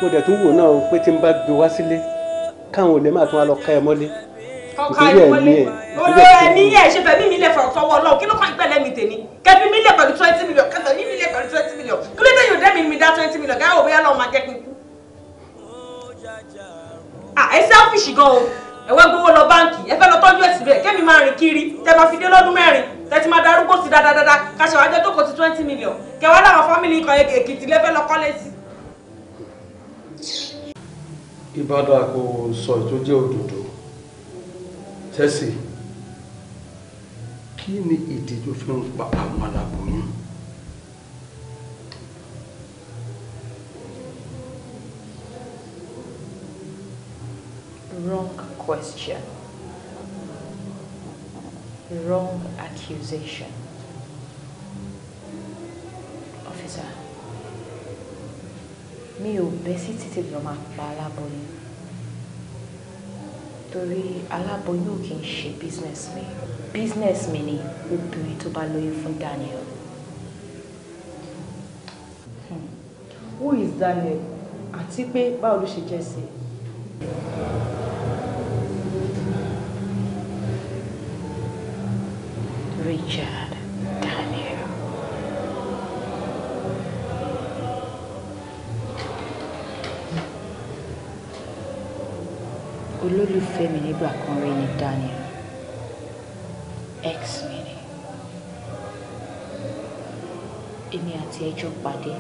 mo dẹ̀ tún wò náà pé tí n bá gbé wá sílé káwọn olè máa tún wá lọ ká ẹ mọ́lé ọkà ìwọlé olórí ẹni yẹ ṣe fẹmí mi lẹ fọwọ́ Ọlọ́run kí ló kàn pẹ̀lẹ́ mi tèmi kẹfí mi lẹ pẹ̀lú twenty million kẹfẹ mi lẹ pẹ̀lú twenty million kí ló dé yóò dẹ́mi mi dá twenty million gáyà wò bóyá lọ́wọ́ máa jẹ́ kí n kú. à ẹ sẹ́fìṣì gan o ẹ̀wẹ́ gbowó lọ báǹkì ẹ fẹ́ lọ tọ́jú ẹ̀sìn bẹ́ẹ̀ kẹ́mi máa rìn kiri tẹ máa fi dé lọ́dún mẹ́rin tẹ ti máa darúgbó sí dáadáa kàṣẹ wàá jẹ́ tó kò sí twenty million kẹwàá láwọn fámìlì kan Èkìtì lẹ́fẹ́ lọ kọ́lé sí. Ìbàdàn kò sọ ètò jẹ́ òdòdó tẹ́sì kí ni ìdí tó fi ń pa àwọn aláboyún. Wrong question. Wrong accusation. Officer, mi ò bẹ́ sí títí lọ́ọ́ máa pa aláboyún torí aláboyún kì í ṣe business mi business mi ni obìnrin tó bá lóyún fún Daniel. Hmm. Who is Daniel àti pé báwo ló ṣe jẹ́ sí Richard. olólùfẹ́ mi nígbà kan rí ni Daniel ex mi ni èmi àti ẹjọ́ pàdé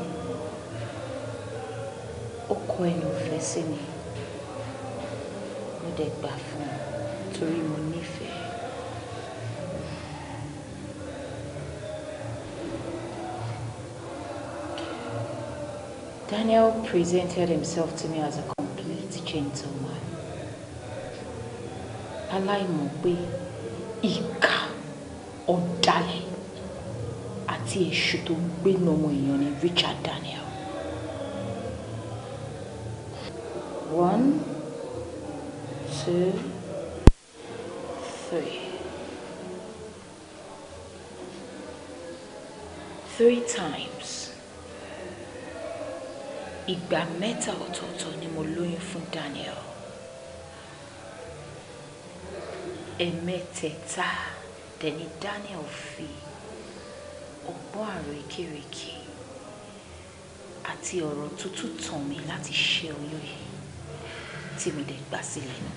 ó kọ ẹnu ìfẹ́ sí mi mo dẹ̀ gbà fún un torí mo nífẹ̀ẹ́. Daniel presented himself to me as a complete gentleman láláìmọ̀ pé ìkà ọ̀dàlẹ̀ àti èṣù tó ń gbé nọmọ èèyàn ni Richard Daniel. One, two, three. Three times. Ìgbà mẹ́ta ọ̀tọ̀ọ̀tọ̀ ni mo lóyún fún Daniel. ẹ̀mẹ́tẹ̀ẹ̀ta dẹ̀ni Daniel fi ọgbọ́n àrò ìkérekè àti ọ̀rọ̀ tútù tàn mí láti ṣe olóye tí mi dẹ̀ gbà sílẹ̀ nù.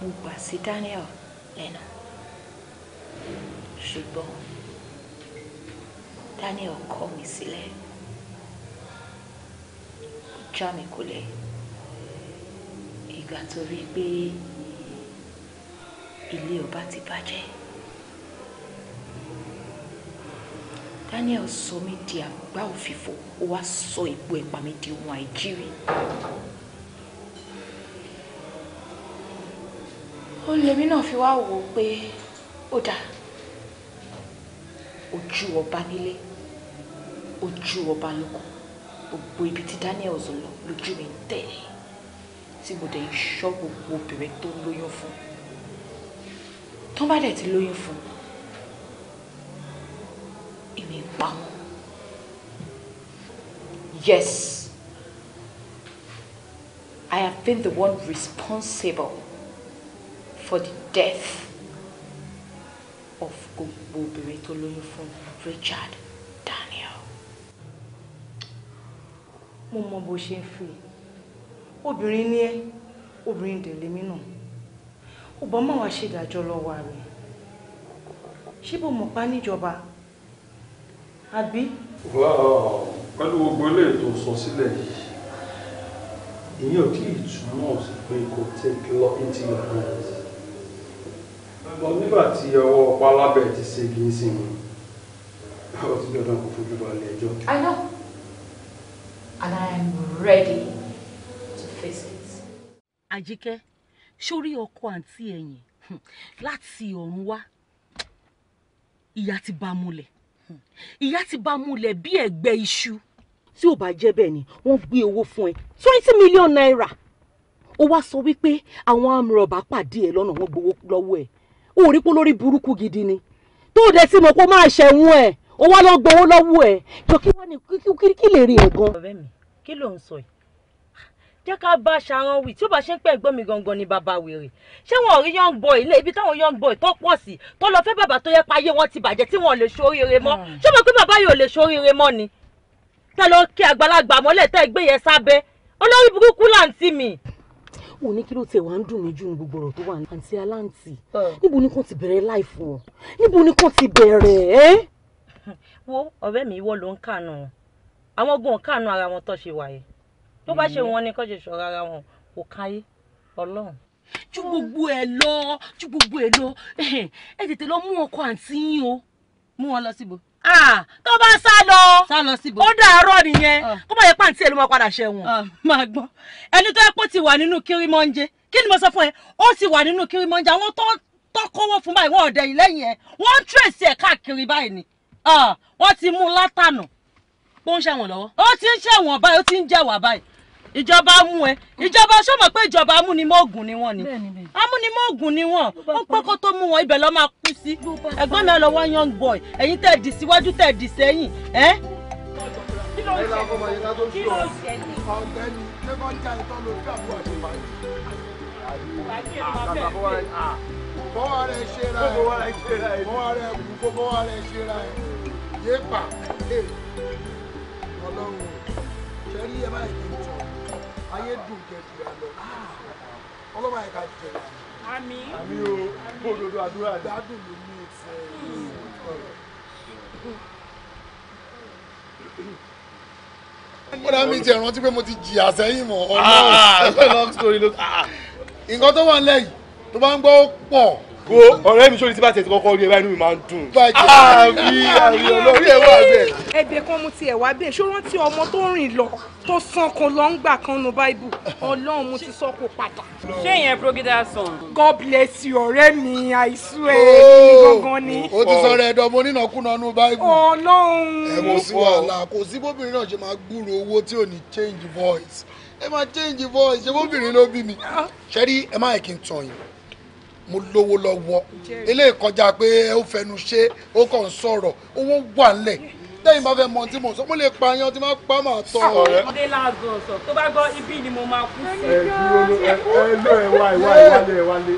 mo gbà sí Daniel lẹ́nu ṣùgbọ́n Daniel kọ̀ mí sílẹ̀. Si já mi kulẹ̀ ìgbà tó rí pé ilé ọba ti bàjẹ́ Daniel sọ mí di àgbá òfìfo ó wá sọ ipò ẹ̀pà mi di ohun àìjírí. ó lèmi náà fi wá wò ó pé ó dáa ojú ọba nílé ojú ọba lóko gbogbo ibi tí Daniel ń lọ lójú mi ń tẹ̀lé tí mo dẹ̀ ń gbogbo obìnrin tó ń lóyún fún tán bá dẹ̀ ti lóyún fún èmi ń pa wọn yes I have been the one responsible for the death of gbogbo obìnrin tó lóyún fún Richard. mo mọ bó ṣe ń fi obìnrin ní ẹ obìnrin dẹ̀lé mi náà ó bọ́ mọ̀ wá ṣèdájọ́ lọ́wọ́ rẹ̀ ṣé bó mọ̀ pa níjọba àbí. pẹ̀lú gbogbo ilé ètò sọ sílẹ̀ yìí ìyẹn ò kí ìtumọ̀ sí pé kò take law into your hands lọ nígbà tí ọwọ́ pálábẹ̀ ti ṣe kì í sinmi ó ti dandan kò fojú balẹ̀ ẹjọ́. I know and I am ready to face it. Àjíkẹ́, sórí ọkọ àǹtí ẹ̀yìn hmm, láti ọ̀run wá, ìyá ti bá múlẹ̀. Ìyá ti bá múlẹ̀ bí ẹ̀gbẹ́ iṣu. Tí ò bá jẹ́ bẹ́ẹ̀ ni, wọ́n gbé owó fún ẹ twenty million naira. Ó wá sọ wípé àwọn amúrọ̀bà pàdé ẹ lọ́nà wọ́n gbowó lọ́wọ́ ẹ̀. Ó rí pé lórí burúkú gidi ni. Tó o dẹ̀ ti mọ̀ pé ó máa ṣẹ̀wọ̀n ẹ̀ ó wá lọ gbowó lọ́wọ́ ẹ̀ jọ kí wọ́n ní kí lè rí ẹ̀ gan kí ló ń sọ yìí jẹ́ ká bá ṣaran wì tí ó bá ṣe ń pẹ́ ẹ̀gbọ́n mi gangan ni bàbá wèrè ṣé wọn ò rí young boy ilé ibi táwọn young boy tó pọ̀ sí tó lọ fẹ́ bàbá tó yẹ payé wọn ti bàjẹ́ tí wọn ò lè ṣoríire mọ́ hmm. ṣé mo pé bàbá yìí ò lè ṣoríire mọ́ ni tẹ́ lọ kí àgbàlagbà mọ́lẹ̀ tẹ́ gbé yẹn sábẹ́ olórí burúkú làǹtí mi wò ní kí ló tiẹ̀ wá ń dùn mí jù ní gbogbo ọ̀rọ̀ tó wà ní àǹtí aláǹtí níbo ni kò ti bẹ̀rẹ̀ láìfù ọ́ àwọn gan káàánú ara wọn tó ṣe wà yẹn tó bá ṣe mm. wọn ni kó ṣe ṣọ̀rọ̀ ara wọn kò káyé ọlọ́run. ju gbogbo ẹ lọ ju gbogbo ẹ lọ ẹ tètè lọ mú ọkọ àǹtí yín o. mú wọn lọ síbo. tó bá sá lọ sá lọ síbo ó dàárọ̀ nìyẹn ah. kó má yẹ pàǹtí ẹ ló máa padà ṣẹ̀wọ̀n. Ah, máa gbọ́ ẹni tó yẹ kó ti wà nínú kírímọ́ńjẹ kí ni mo sọ fún ẹ ó ti wà nínú kírímọ́ńjẹ àwọn tó tó kówó fún báyìí wọn ọ̀dẹ̀ yìí lẹ́yìn ẹ wọ́n ń tírèsì ẹ̀ káàkiri báyìí ni ah, wọ́n ti mú un látànà pé ó ń ṣẹ̀wọ̀n lọ́wọ́. ó ti ń ṣẹ̀wọ̀n báyìí ó ti ń jẹ̀wà báyìí ìjọba mú ẹ ìjọba sọmọ pé ìjọba amúnimóògùn ni wọn ni amúnimóògùn ni wọn ó pé kó tó mú wọn ibẹ̀ lọ máa kú sí ẹ̀gbọ́n mi ọlọwọ young boy ẹ̀yin tẹ́ di síwájú tẹ́ di sẹ́yìn ẹ. kí ló ń ṣẹlẹ̀ kí ló ń ṣẹlẹ̀. ọ̀gbẹ́ni ṣé kò ń jà ìtọ́nu ọlọ́run ṣe ẹ báyìí kí n ayé dùn jẹ̀dù rẹ̀ lọ ah! ọlọ́run àyíká jẹ̀ àmì àmì o kó òdodo àdúrà rẹ̀ gbádùn ló ní ìfẹ́ ó dá mi jẹ rántí pé mo ti jìyà sẹ́yìn mọ́ ọlọ́run ah, ah, long story ló nǹkan tó wà lẹ́yìn tó bá ń gbọ́ pọ̀ wo ọ̀rẹ́ mi sórí tí bá tẹ̀ kọ́kọ́ rí ẹ bá mi máa ń dùn. àbí àbí olórí ẹ wà bẹ́ẹ̀. ẹ̀bẹ̀ kan mo ti ẹ̀ wá bẹ́ẹ̀ ṣó rántí ọmọ tó rìn lọ tó sàn kan lọ ń gbà kan nu báìbù ọlọ́run mo ti sọ kó padà. ṣé ìyẹn progida sàn. God bless you ọ̀rẹ́ mi I swear èmi oh, gangan ni. o ti sọ rẹ ẹdọmọ onínàkúnà nu báìbù. ọlọ́run. ẹ mọ̀ sí wàhálà kò sí bóbìnrin náà ṣe máa gbúrò owó tí ò ẹ máa change voice ṣe bóbìnrin ló bí mi. Ah. ṣẹ́rí ẹ má yẹ kí n tàn mo lówó lọ́wọ́ eléyìí kọjá pé ó fẹnu ṣe ó kàn ń sọ̀rọ̀ owó wà nílẹ̀ tẹ́yìn bá fẹ́ mọ tí mo sọ mo lè pa yan tí máa pa máa tọ́ ọ rẹ. ọmọdé láàgùn tó bá gbọ́ ibi ni mo máa kú sí. ẹ dúró ẹ ẹ lọ ẹ wá ẹ wá ẹ wálé ẹ wálé.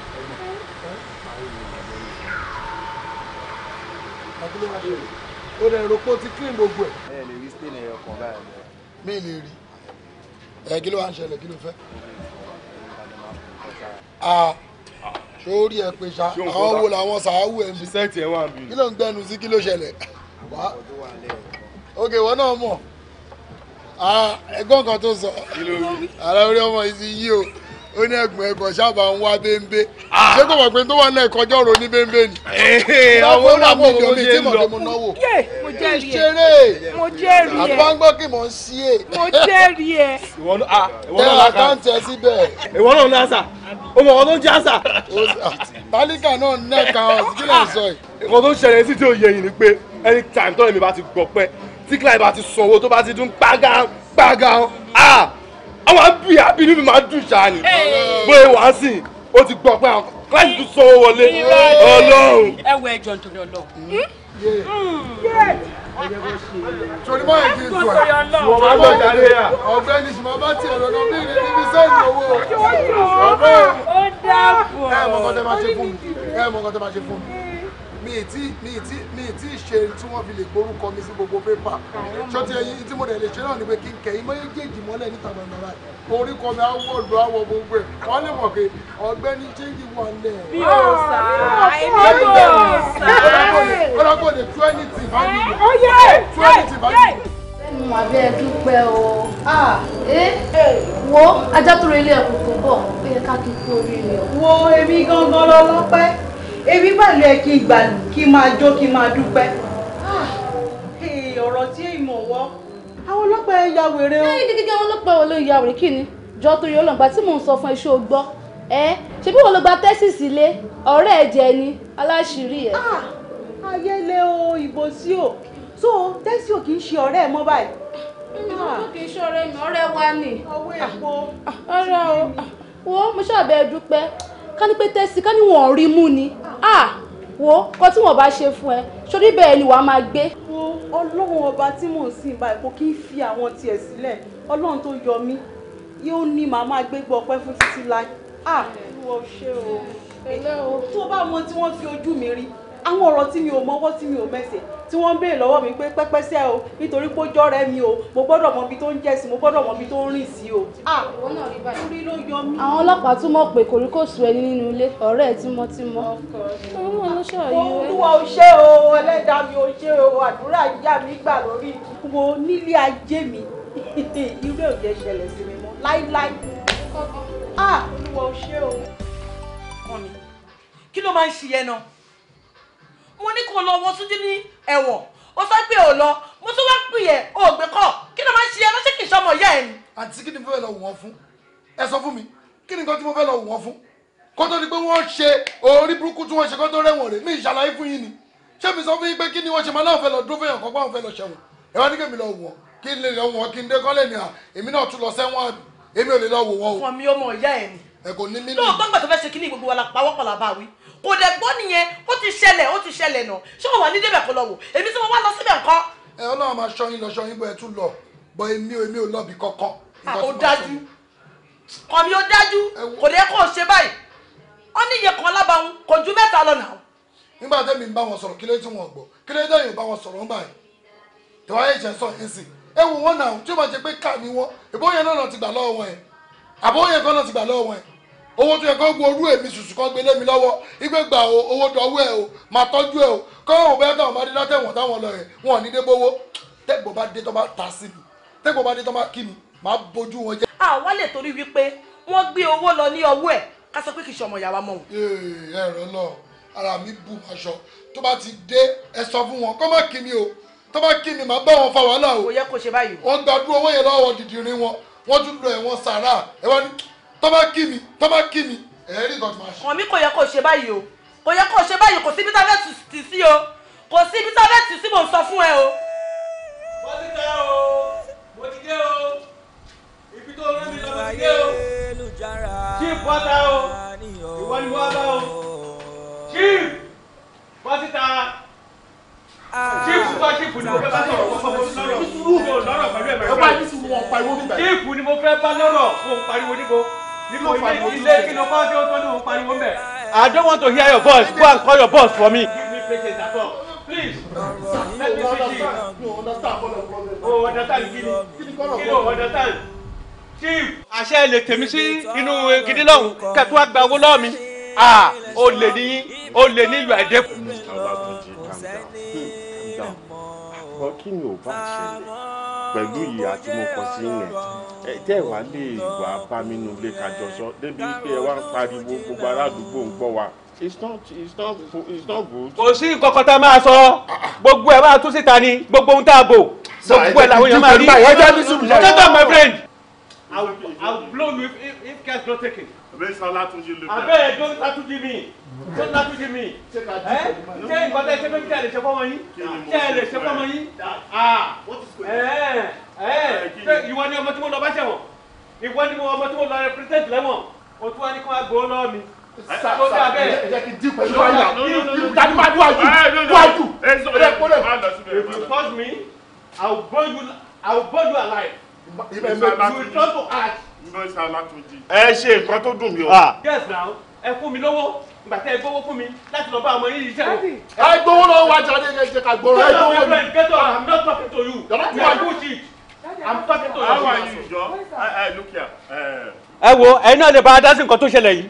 ó lè ro pé ó ti clean gbogbo ẹ. ẹ lè rí stain ẹyọ kan báyìí. mi lè rí ẹ kí ló wá ń ṣẹlẹ̀ kí ló fẹ́ sórí ẹ pé sa àwọn wo làwọn sàáwù ẹ fi sẹ́ẹ̀tì ẹ bí. kí ló ń gbẹnu sí kí ló ṣẹlẹ̀ wá ok wọn náà mọ̀ ah, ẹ̀gbọ́n kan tó sọ àlọ́ orí ọmọ yìí ti yí o ó ní ẹ̀gbọ́n ẹ̀kọ́ sábà ń wá bẹ́ńbẹ́ ah. ṣé kò mọ̀ pé tó wà lẹ́ẹ̀kọ́ jọ̀rọ̀ ní bẹ́ńbẹ́ ni. Eh, àwọn ọmọ mi ò ní tí mo lọ mo náwó. mo jẹ́rìí ẹ̀ mo jẹ́rìí ẹ̀ àgbọ̀ngbọ̀n kì mọ̀ sí ẹ̀. E. mo jẹ́rìí ẹ̀. ìwọ ah, ìwọ náà láka ẹ̀ síbẹ̀. ìwọ náà ní àṣà o mọ̀ ọ̀kan tó ń jẹ́ àṣà. Ah, tálíkà náà nẹ́ẹ̀ka ọ̀sìn sọ yìí. nǹkan tó ń ṣẹlẹ̀ sí àwọn àbí àbí níbi máa dùn ṣáà ni bóyá wàá sìn ó ti gbọ́ pé àwọn kíláàsì tún sanwó wọlé ọlọ́run. ẹ wọ ẹjọ nítorí ọlọ́run. torí bá yẹn kì í sọ ẹ wọ́n máa lọ jáde yà ọ̀gbẹ́ni ṣùgbọ́n bá tiẹ̀ lọ́dọ̀ bí ní níbi sẹ́yìn owó ọ̀gbẹ́ ẹ̀ mọ̀kọ́tẹ́ máa ṣe fún mi ẹ̀ mọ̀kọ́tẹ́ máa ṣe fún mi mi ì ṣe tí wọ́n fi lè gborúkọ mi sí gbogbo pépà ṣọtí ẹyin tí mo dẹ̀ lè ṣe náà ni pé kí n kẹ́yìn méjèèjì mọ́lẹ̀ níta gbàgbà báyìí orúkọ mi awọ awọ gbogbo ẹ̀ wọ́n lè mọ̀ pé ọ̀gbẹ́ni chéńjì wà lẹ̀. bí o sá ẹni o sá ọlọ́gbọ́n lè tú ẹni tì bá mi tú ẹni tì bá mi. bẹ́ẹ̀ni mo àbẹ́ ẹ wo ajá tó relé ẹ̀kùn tó bọ̀ ó yẹ ká kí n kú oríire o. wo èmi bàlẹ̀ kí n gbàlù kí n máa jó kí n máa dúpẹ́ ah, ọ̀rọ̀ tí ìmọ̀ wọ́ àwọn ọlọ́pàá ẹ̀ ya wèrè o. ẹyìn gẹ́gẹ́ àwọn ọlọ́pàá wọn ló ya wèrè kí ni jọ torí ọlọ́gbà tí mò ń sọ fún ẹ ṣé o gbọ́ ẹ ṣe bí wọn ló gba tẹ́sìsì lé ọ̀rẹ́ ẹ̀ jẹ ni aláṣìírí ẹ̀. Ah, ayẹlẹ o ìbò sí o so tẹ́sì ò kì í ṣe ọ̀rẹ́ ẹ̀ mọ́ báyìí. ọ̀rẹ́ kì í ṣe ọ̀rẹ́ mi ọ̀rẹ́ wa ni. ọwọ́ èpo. ọ̀rẹ́ ah, o wo mo ṣàbẹ̀ dúpẹ́ ká ní pé tẹ́sí ká ní wọ́n rí mú ni ah wo kọ tí wọ́n bá ṣe fún ẹ sórí bẹ́ẹ̀ ni wàá máa gbé. wo ọlọ́run ọba tí mò ń sìn báyìí kò kí ń fi àwọn tiẹ̀ sílẹ̀ ọlọ́run tó yọ mí yóò ní màá máa gbé gbọ́ ọpẹ́ fún títí láì ah wọ́n ṣe o tó bá mọ tí wọ́n fi ojú mi rí àwọn ọ̀rọ̀ tí mi ò mọwọ́ tí mi ò mẹsẹ̀ tí wọ́n ń béèrè lọ́wọ́ mi pé pẹ́pẹ́sẹ́ o nítorí pé ó jọ́rẹ́ mi o mo gbọ́dọ̀ mọ ibi tó ń jẹ́sìn mo gbọ́dọ̀ mọ ibi tó ń rìn sí o. àwọn ọlọ́pàá tún mọ̀ pé kòríkòsù ẹni nínú ilé ọ̀rẹ́ ẹ̀ tímọ́tímọ́. Ah, olúwa o ṣé o ẹlẹ́dàá mi o ṣé o àdúrà ìyá mi gbà lórí wo nílé ajé mi irú ẹ̀ ṣẹlẹ̀ sí mi mọ́ láíláí. olúwa o ṣé o. kí ló máa ń ṣiyẹ náà mo ní kó lọ wọ Túnjí ní ẹ̀wọ̀n ó sọ pé ò lọ mo tún wá pè ẹ́ ò gbé kọ́ kí ló máa ń ṣe ẹ lọ́sẹ̀ kì í sọmọ ìyá ẹ̀ ni. àǹtí kí ni mo fẹ́ lọ wọ̀n fún ẹ sọ fún mi kí ni nǹkan tí mo fẹ́ lọ wọ̀n fún kó tó di pé wọ́n ṣe orí burúkú tí wọ́n ṣe kó tó rẹ̀wọ̀n rẹ̀ mí ìṣàlàyé fún yín ni ṣé mi sọ fún yín pé kí ni wọ́n ṣe máa náà fẹ́ lọ dúró fẹ́yàn kan pé àwọn fẹ́ lọ ṣẹ̀wọ̀n ẹ wá ní kí mi lọ wọ̀n kí n lè lọ wọ̀n kí n dé kọ́lẹ̀ ni à èmi náà tún lọ sẹ́wọ̀n àbí èmi ò lè lọ wò wọ́n o. fún mi ọmọ ìyá ẹ̀ ni. ẹ kò ní mí nù. lóòótọ́ ń gbà tó fẹ́ ṣe kí ni gbogbo wa la pawọ́pọ̀ làbá wí kò dẹ̀ gbọ́ nìyẹn ó ti ṣẹlẹ̀ ó ti ṣẹlẹ̀ nà ṣé wọn wà ní débẹ̀ kó lọ wò èmi tí mo wá lọ síbẹ̀ ńkọ́. ẹ ọlọ́run máa ṣọyìn lọ ṣọyìn bọ́ ẹ tún lọ bọ èmi ò èmi ò lọ bí kankan. ó dájú kàn mí ó dájú kò dé kó o ṣe báyìí ó ní iye kan lábàáhùn kò ju mẹ́ta lọ nà. nígbà tẹ́mi ń bá wọn sọ̀rọ̀ kílé tí wọ́n gbọ́ kílé tẹ́yìn bá wọn sọ̀rọ̀ ń báyìí tẹ́wọ́ ayé ìṣẹ́ sọ yín ẹ wò wọ́n náà tí ó máa ṣe pé ká ni wọ́n ìbóyè náà ti gbà lọ́wọ́ wọn ẹ̀ àbóyè kan náà ti gbà lọ́wọ́ wọn ẹ̀ owó tó yẹ kó gbó orú èmi sùsù kan gbélé mi lọ́wọ́ igbe gbà o owó dọ̀wọ́ ẹ o máa tọ́jú ẹ o kọ́wọ́n ò bẹ́ẹ̀ káwọn bá dé látẹ̀wọ̀n táwọn lọ rẹ̀ wọn ò ní dé gbowó tẹ́gbọ̀n bá dé tó bá ta sí mi tẹ́gbọ̀n bá dé tó bá kí mi máa bójú wọn jẹ́. àwa lè torí wípé wọ́n gbé owó lọ ní ọwọ́ ẹ̀ ká sọ pé kì í ṣọmọ ìyàwó mọ́. ẹ ara mi bu aṣọ tó bá ti dé ẹ sọ fún wọn kọ́ má kí mi o tó bá kí mi máa bá wọn fa wàhálà o. kò yẹ kó ṣe báyìí. wọ́n gbàdúrà owó yẹn lọ́wọ́ tọ́ba kí mi tọ́ba kí mi ẹ̀rí nǹkan tí máa ṣe. ọ̀mí kò yẹ kó ṣe báyìí o kò yẹ kó ṣe báyìí kò síbi tá a fẹ́ tì sí o kò síbi tá a fẹ́ tì sí mò ń sọ fún ẹ o. mo ti tẹ o mo ti dé o ibi tó rán mi lọ mo ti dé o chief bọ́tà o ìwọ ni wọ́n bá o chief bọ́tà chief sọ chief ni mo fẹ́ bá sọ̀rọ̀ wọ́n sọ lọ́rọ̀ lọ́rọ̀ pẹ̀lú ẹ̀mẹ̀rẹ̀ chief ni mo fẹ́ bá lọ́rọ̀ mo ń pariwo níbo. I don't want to hear your voice. Go and call your boss for me. Please. Let me see you. Oh, understand gini. understand? Chief. I lè tèmi sí inú gidi lọ́hùn kẹ́tù àgbà owó lọ́ọ̀ Ah, o lady, ní lady, you are ìlú ṣùgbọ́n kí ni ò bá ṣẹlẹ̀ pẹ̀lú ìyá tí mo kọ sí yẹn tẹ́ ẹ wá lè wá bá mi nù lè kájọ sọ débi pé ẹ wá ń pariwo gbogbo aládùúgbò ń gbọ́ wa it's not it's not it's not good. kò sí nǹkan kan tá a máa sọ gbogbo ẹ máa tún síta ni gbogbo ohun tá a bò gbogbo ẹ làwọn èèyàn máa rí. ṣé my friend. I will, I will blow you if, if cash not taken abẹ́sán látúnjì lè bẹ̀rẹ̀. abẹ́ẹ̀ tó ń látúnjì mi tó ń látúnjì mi ṣé nǹkan tẹ́ ṣe fẹ́ lè ṣe fọ́mọ yín ṣé lè ṣe fọ́mọ yín ìwọ ni ọmọ tí mo lọ bá ṣẹ̀wọ̀n ìwọ ni ọmọ tí mo lọ represent lẹ́wọ̀n o tún wá ní kí wọ́n á gbọ́ lọ́ọ́ mi sàkóso abẹ́ ẹ̀ jẹ́ kí dín pẹ̀lú ayà tàbí máa wájú wájú ẹ̀ kólẹ̀. if you touch me i will burn you i burn you alive if you try to ash ẹ ṣe nǹkan tó dùn mí o. Ah. ẹ fún mi lówó ìgbà ẹ gbowó fún mi láti lọ bá ọmọ yìí ṣe. ẹ gbowó lọ wá jáde ẹ jẹ ká gbọrọ ẹ gbowó mi. get up i'm not talking to you. yàrá tí wàá kú i'm talking to you. how are you jọ ẹ eh, eh, look here. Eh. ẹ wo ẹ̀yin náà lè bá a dá sí nǹkan tó ṣẹlẹ̀ yìí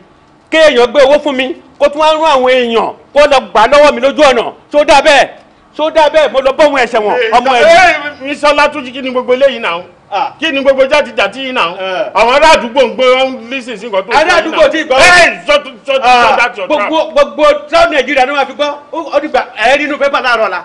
kéèyàn gbé owó fún mi kó tún wá rún àwọn èèyàn kó lọ gbà lọ́wọ́ mi lójú ọ̀nà tó dà bẹ́ẹ̀ tó dà bẹ́ẹ̀ mo lọ bọ́ ohun ẹ̀ṣẹ̀ wọn ọmọ ẹ̀. ẹ ẹ mi sọ látúnjí kí ni gbogbo eléyìí náà. Ah, kí ni gbogbo jáde jáde yìí náà eh. àwọn ará àdúgbò ń gbọ́ lísìn sí nǹkan tó ń gbọ́ ará àdúgbò ti gbọ́ ẹ sọtú sọtú sọtú gbogbo gbogbo south Nigeria ni wọ́n fi gbọ́ ó dìgbà ẹ̀ẹ́rì inú pépà láàárọ̀ la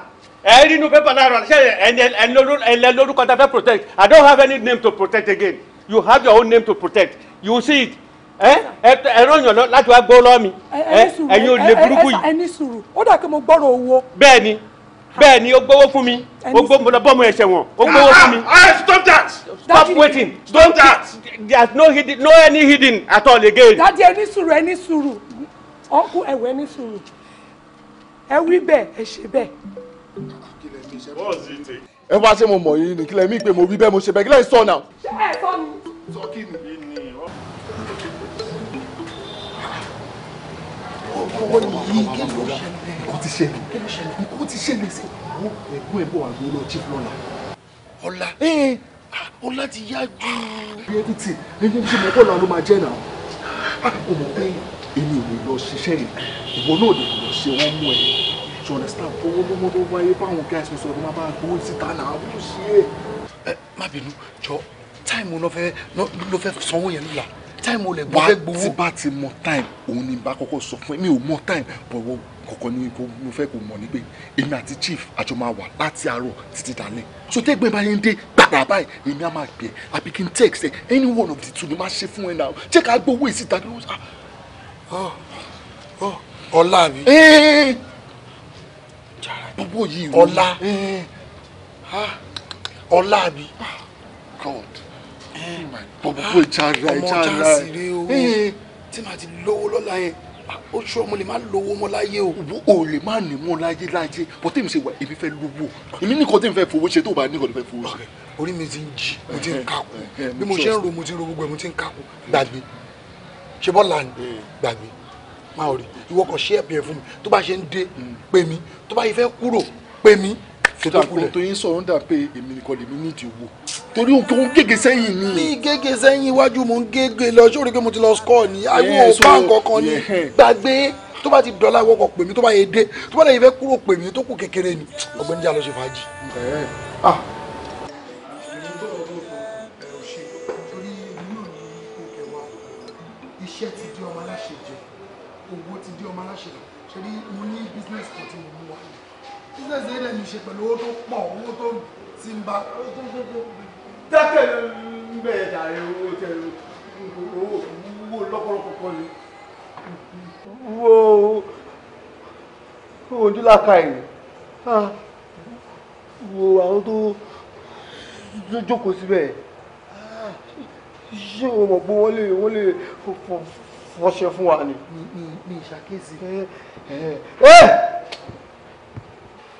ẹ̀ẹ́rì inú pépà láàárọ̀ la ṣe ẹ̀ẹ́n lórúkọ tá a fẹ́ protect I don't have any name to protect again you have your own name to protect you see it eh? ẹ̀rọ yàn láti wá gbọ́ lọ́ọ̀mì eh? ẹ̀yin ò lè burúkú yìí. ẹni sùúrù ó dà kí mo gbọ́rọ̀ owó. bẹ́ẹ̀ ni bẹ́ẹ̀ ni ó gbowó fún mi ó gbó mo lọ bọ́ ẹ̀ṣẹ̀ wọn ó gbowó ah, fún mi. Ah, ah, stop that stop waiting stop that there is no hidden no any hidden at all again. dadi ẹni sùúrù ẹni sùúrù ọkùn ẹwẹ ẹni sùúrù ẹ wí bẹ́ẹ̀ ẹ ṣe bẹ́ẹ̀. ẹ wá ṣé mo mọ̀ yín ni kílẹ̀ mi pé mo wí bẹ́ẹ̀ mo ṣe bẹ́ẹ̀ kílẹ̀ sọ náà. ṣé ẹ sọ ni nǹkan ti ṣẹlẹ̀ nǹkan ti ṣẹlẹ̀ sí àwọn ẹ̀gbọ́n ẹ̀gbọ́n àgbo náà chief lọ́la. ọ̀la ah, ọ̀la ti yá jù. bí ẹni tí ẹni tí mo kọ́ la ló máa jẹ́ náà ó ah, mọ̀ pé èmi ò lè lọ ṣiṣẹ́ rẹ̀ ìwọ náà lè lọ ṣe wọ́n mú ẹ ṣe understand owó mọ́mọ́ tó wáyé báwọn guys mi sọ̀rọ̀ máa bá gbowó síta náà ó ṣe é. ẹ eh, má bínú jọ táìmù ló fẹ́ sanwó yẹn lọ́la time o lè gbọ́ fẹ́ gbowó. wá tí bá ti mọ time òun ni bá kọ́kọ́ sọ fún mi ò mọ time bọ̀wọ̀ kọ̀kọ́ ni mo fẹ́ kó mọ̀ ní pé èmi àti chief àjọ máa wà láti àárọ̀ títí dalẹ̀ so tẹ́gbẹ́ bá yẹn dé gbàgbà báyìí èmi á máa gbẹ àbí kí n text ẹ any one of the two ni máa ṣe fún ẹ náà jẹ́ ká gbowó ìsìta kí wọ́n sá. Ah, ah, ah. ọlá mi. Eh, eh, eh, gbogbo yìí ọlá ọlá mi bọ̀bọ̀ ìjà ara ìjà ara ẹ̀ tí màá ti lówó lọ́la yẹn ó ṣú ọmọ lè má lówó mọ́ láyé o. o lè má ní mọ́ láyé láyé bọ́tẹ́ èmi ṣe wà èmi fẹ́ lówó èmi ní kọ́tẹ́ mi fẹ́ fowó ṣe tó bá ní kọ́tẹ́ fẹ́ fowó ṣe. orí mi ti ń jí mo ti ń kakú bí mo ṣe ń ro mo ti ń ro gbogbo ẹ mo ti ń kakú gbàgbé ṣe bọ́ọ̀lù àná hmm. gbàgbé máa rí ìwọ kan ṣe ẹ̀bẹ̀ fún mi tó bá ṣe ń dé hmm. pè mí tó bá yẹ fẹ́ kúrò pè mí ṣètàkùn tó yín sọ̀rọ̀ ń dà pé èmi nìkan lèmi ní ìdí owó torí òun tó ń gègé sẹ́yìn ni. ní gègé sẹ́yìn iwájú mo ń gègé lọ sórí pé mo ti lọ score ni àwọn ọba kankan ni gbàgbé tó bá ti dọ́là wọ́kọ̀ pè mí tó bá yẹ dé tó bá lè fẹ́ kúrò pè mí tó kù kékeré ni ọ̀gbẹ́ni jà lọ ṣe fàájì. Eh. Ah, business yìí lè mi ṣe pẹ̀lú owó tó pọ̀ owó tó ti ń ba owó tó tó tó. dákẹ́ ń bẹ̀ dàrí owó tẹ owó owó lọ́pọ̀lọpọ̀ kan ni. wo ojú làkà yìí wo àwọn tó jókòó síbẹ̀ ṣé o mọ̀ pé wọ́n lè wọ́n lè fọṣẹ fún wa ni. mi mi ìṣàkíyèsí. ẹ ẹ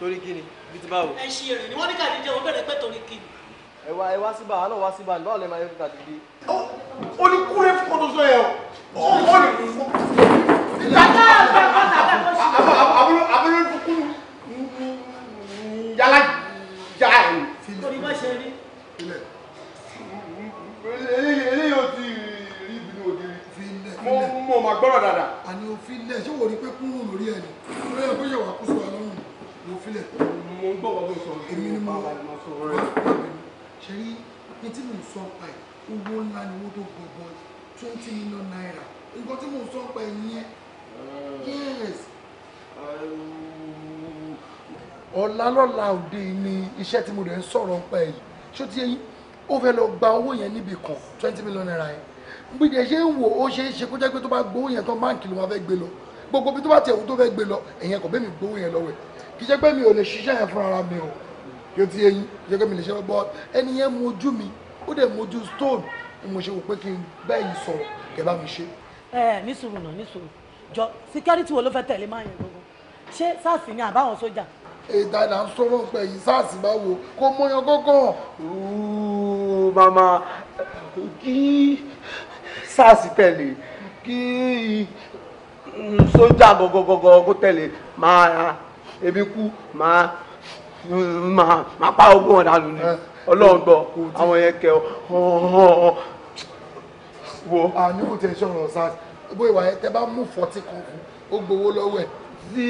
torí kíni bí ti báwo. ẹ ṣe rìn ni wọ́n ní kàdíjà wọ́n bẹ̀rẹ̀ pẹ́ torí kíni. ẹ wá ẹ wá síbà àánú wá síbà ní báwo lè máa yẹ kíkà dídí. ó ní kúrẹ́ fún ọdún sọ yẹn o ó ní fún. bàtà àgbà bàtà àgbà kọ́ sí. àbúrò àbúrò kúkú yálà já ẹ. torí má ṣe rí. eléyìí ò tí rí ibinu òde rí. mo mo máa gbọ́rọ̀ dáadáa. àní òfin lẹ̀ ṣé wò ó rí pé kúrò lórí ẹ̀ ni kúrò yẹ kó yẹ wà kó sọ àlọ́ mo filẹ̀. mo ń gbọ́ bàbá sọ̀rọ̀ èmi ni mo sọ̀rọ̀ rẹ̀. ṣe rí ní tí mò ń sọ pa ẹ̀ owó ńlá ni owó tó gbọ̀gbọ̀ twenty million naira nǹkan tí mò ń sọ pa ẹ̀ yẹn yes. ọ̀la lọ́la òde ni iṣẹ́ tí mo rẹ̀ ń sọ̀rọ̀ pa ẹ̀ yìí ṣó ti yẹn ó fẹ́ lọ gba owó yẹn níbì kan twenty million naira yẹn gbígbẹ́ ṣe ń wò ó ṣe é ṣe kó jẹ́ pé tó bá gbowó yẹn tán báǹkì ló máa fẹ́ gbé lọ gbogbo bí tó bá tẹ̀wó tó fẹ́ gbé lọ ẹ̀yẹn kò bẹ́ẹ̀ mi gbowó yẹn lọ́wọ́ ẹ̀ kì í ṣe pé mi ò lè ṣiṣẹ́ yẹn fúnra mi o yóò ti yẹn kì í ṣe pé mi lè ṣe bọ́ ẹni yẹn mojú mi ó dẹ̀ mojú stone ni mo ṣe wò pé kí n bẹ́yìn sọ̀rọ̀ kẹ́ bá mi ṣe. ẹ ẹ ní sùúrù náà ní sùúrù jọ security wo ló fẹ́ tẹ̀lé máa yẹn gbogbo ṣé sars ni àbáwọn sójà. èdè àdá ń sọ̀rọ̀ pé yìí sars bá wo kó mọyán kọ́kàn. màmá kí sars tẹ̀lé kí mm, sójà gọ́gọ́gọ́gọ́ kó tẹ̀lé máa ebi kú máa máa pa ogún ọ̀dà nù ni eh, ọlọ́run gbọ́ àwọn yẹn kẹ ọ wo. àní kò tẹ sọ̀rọ̀ sars gbogbo ìwà yẹn tẹ bá mú fọtí kan fún ó gbowó lọ́wọ́ ẹ̀. tí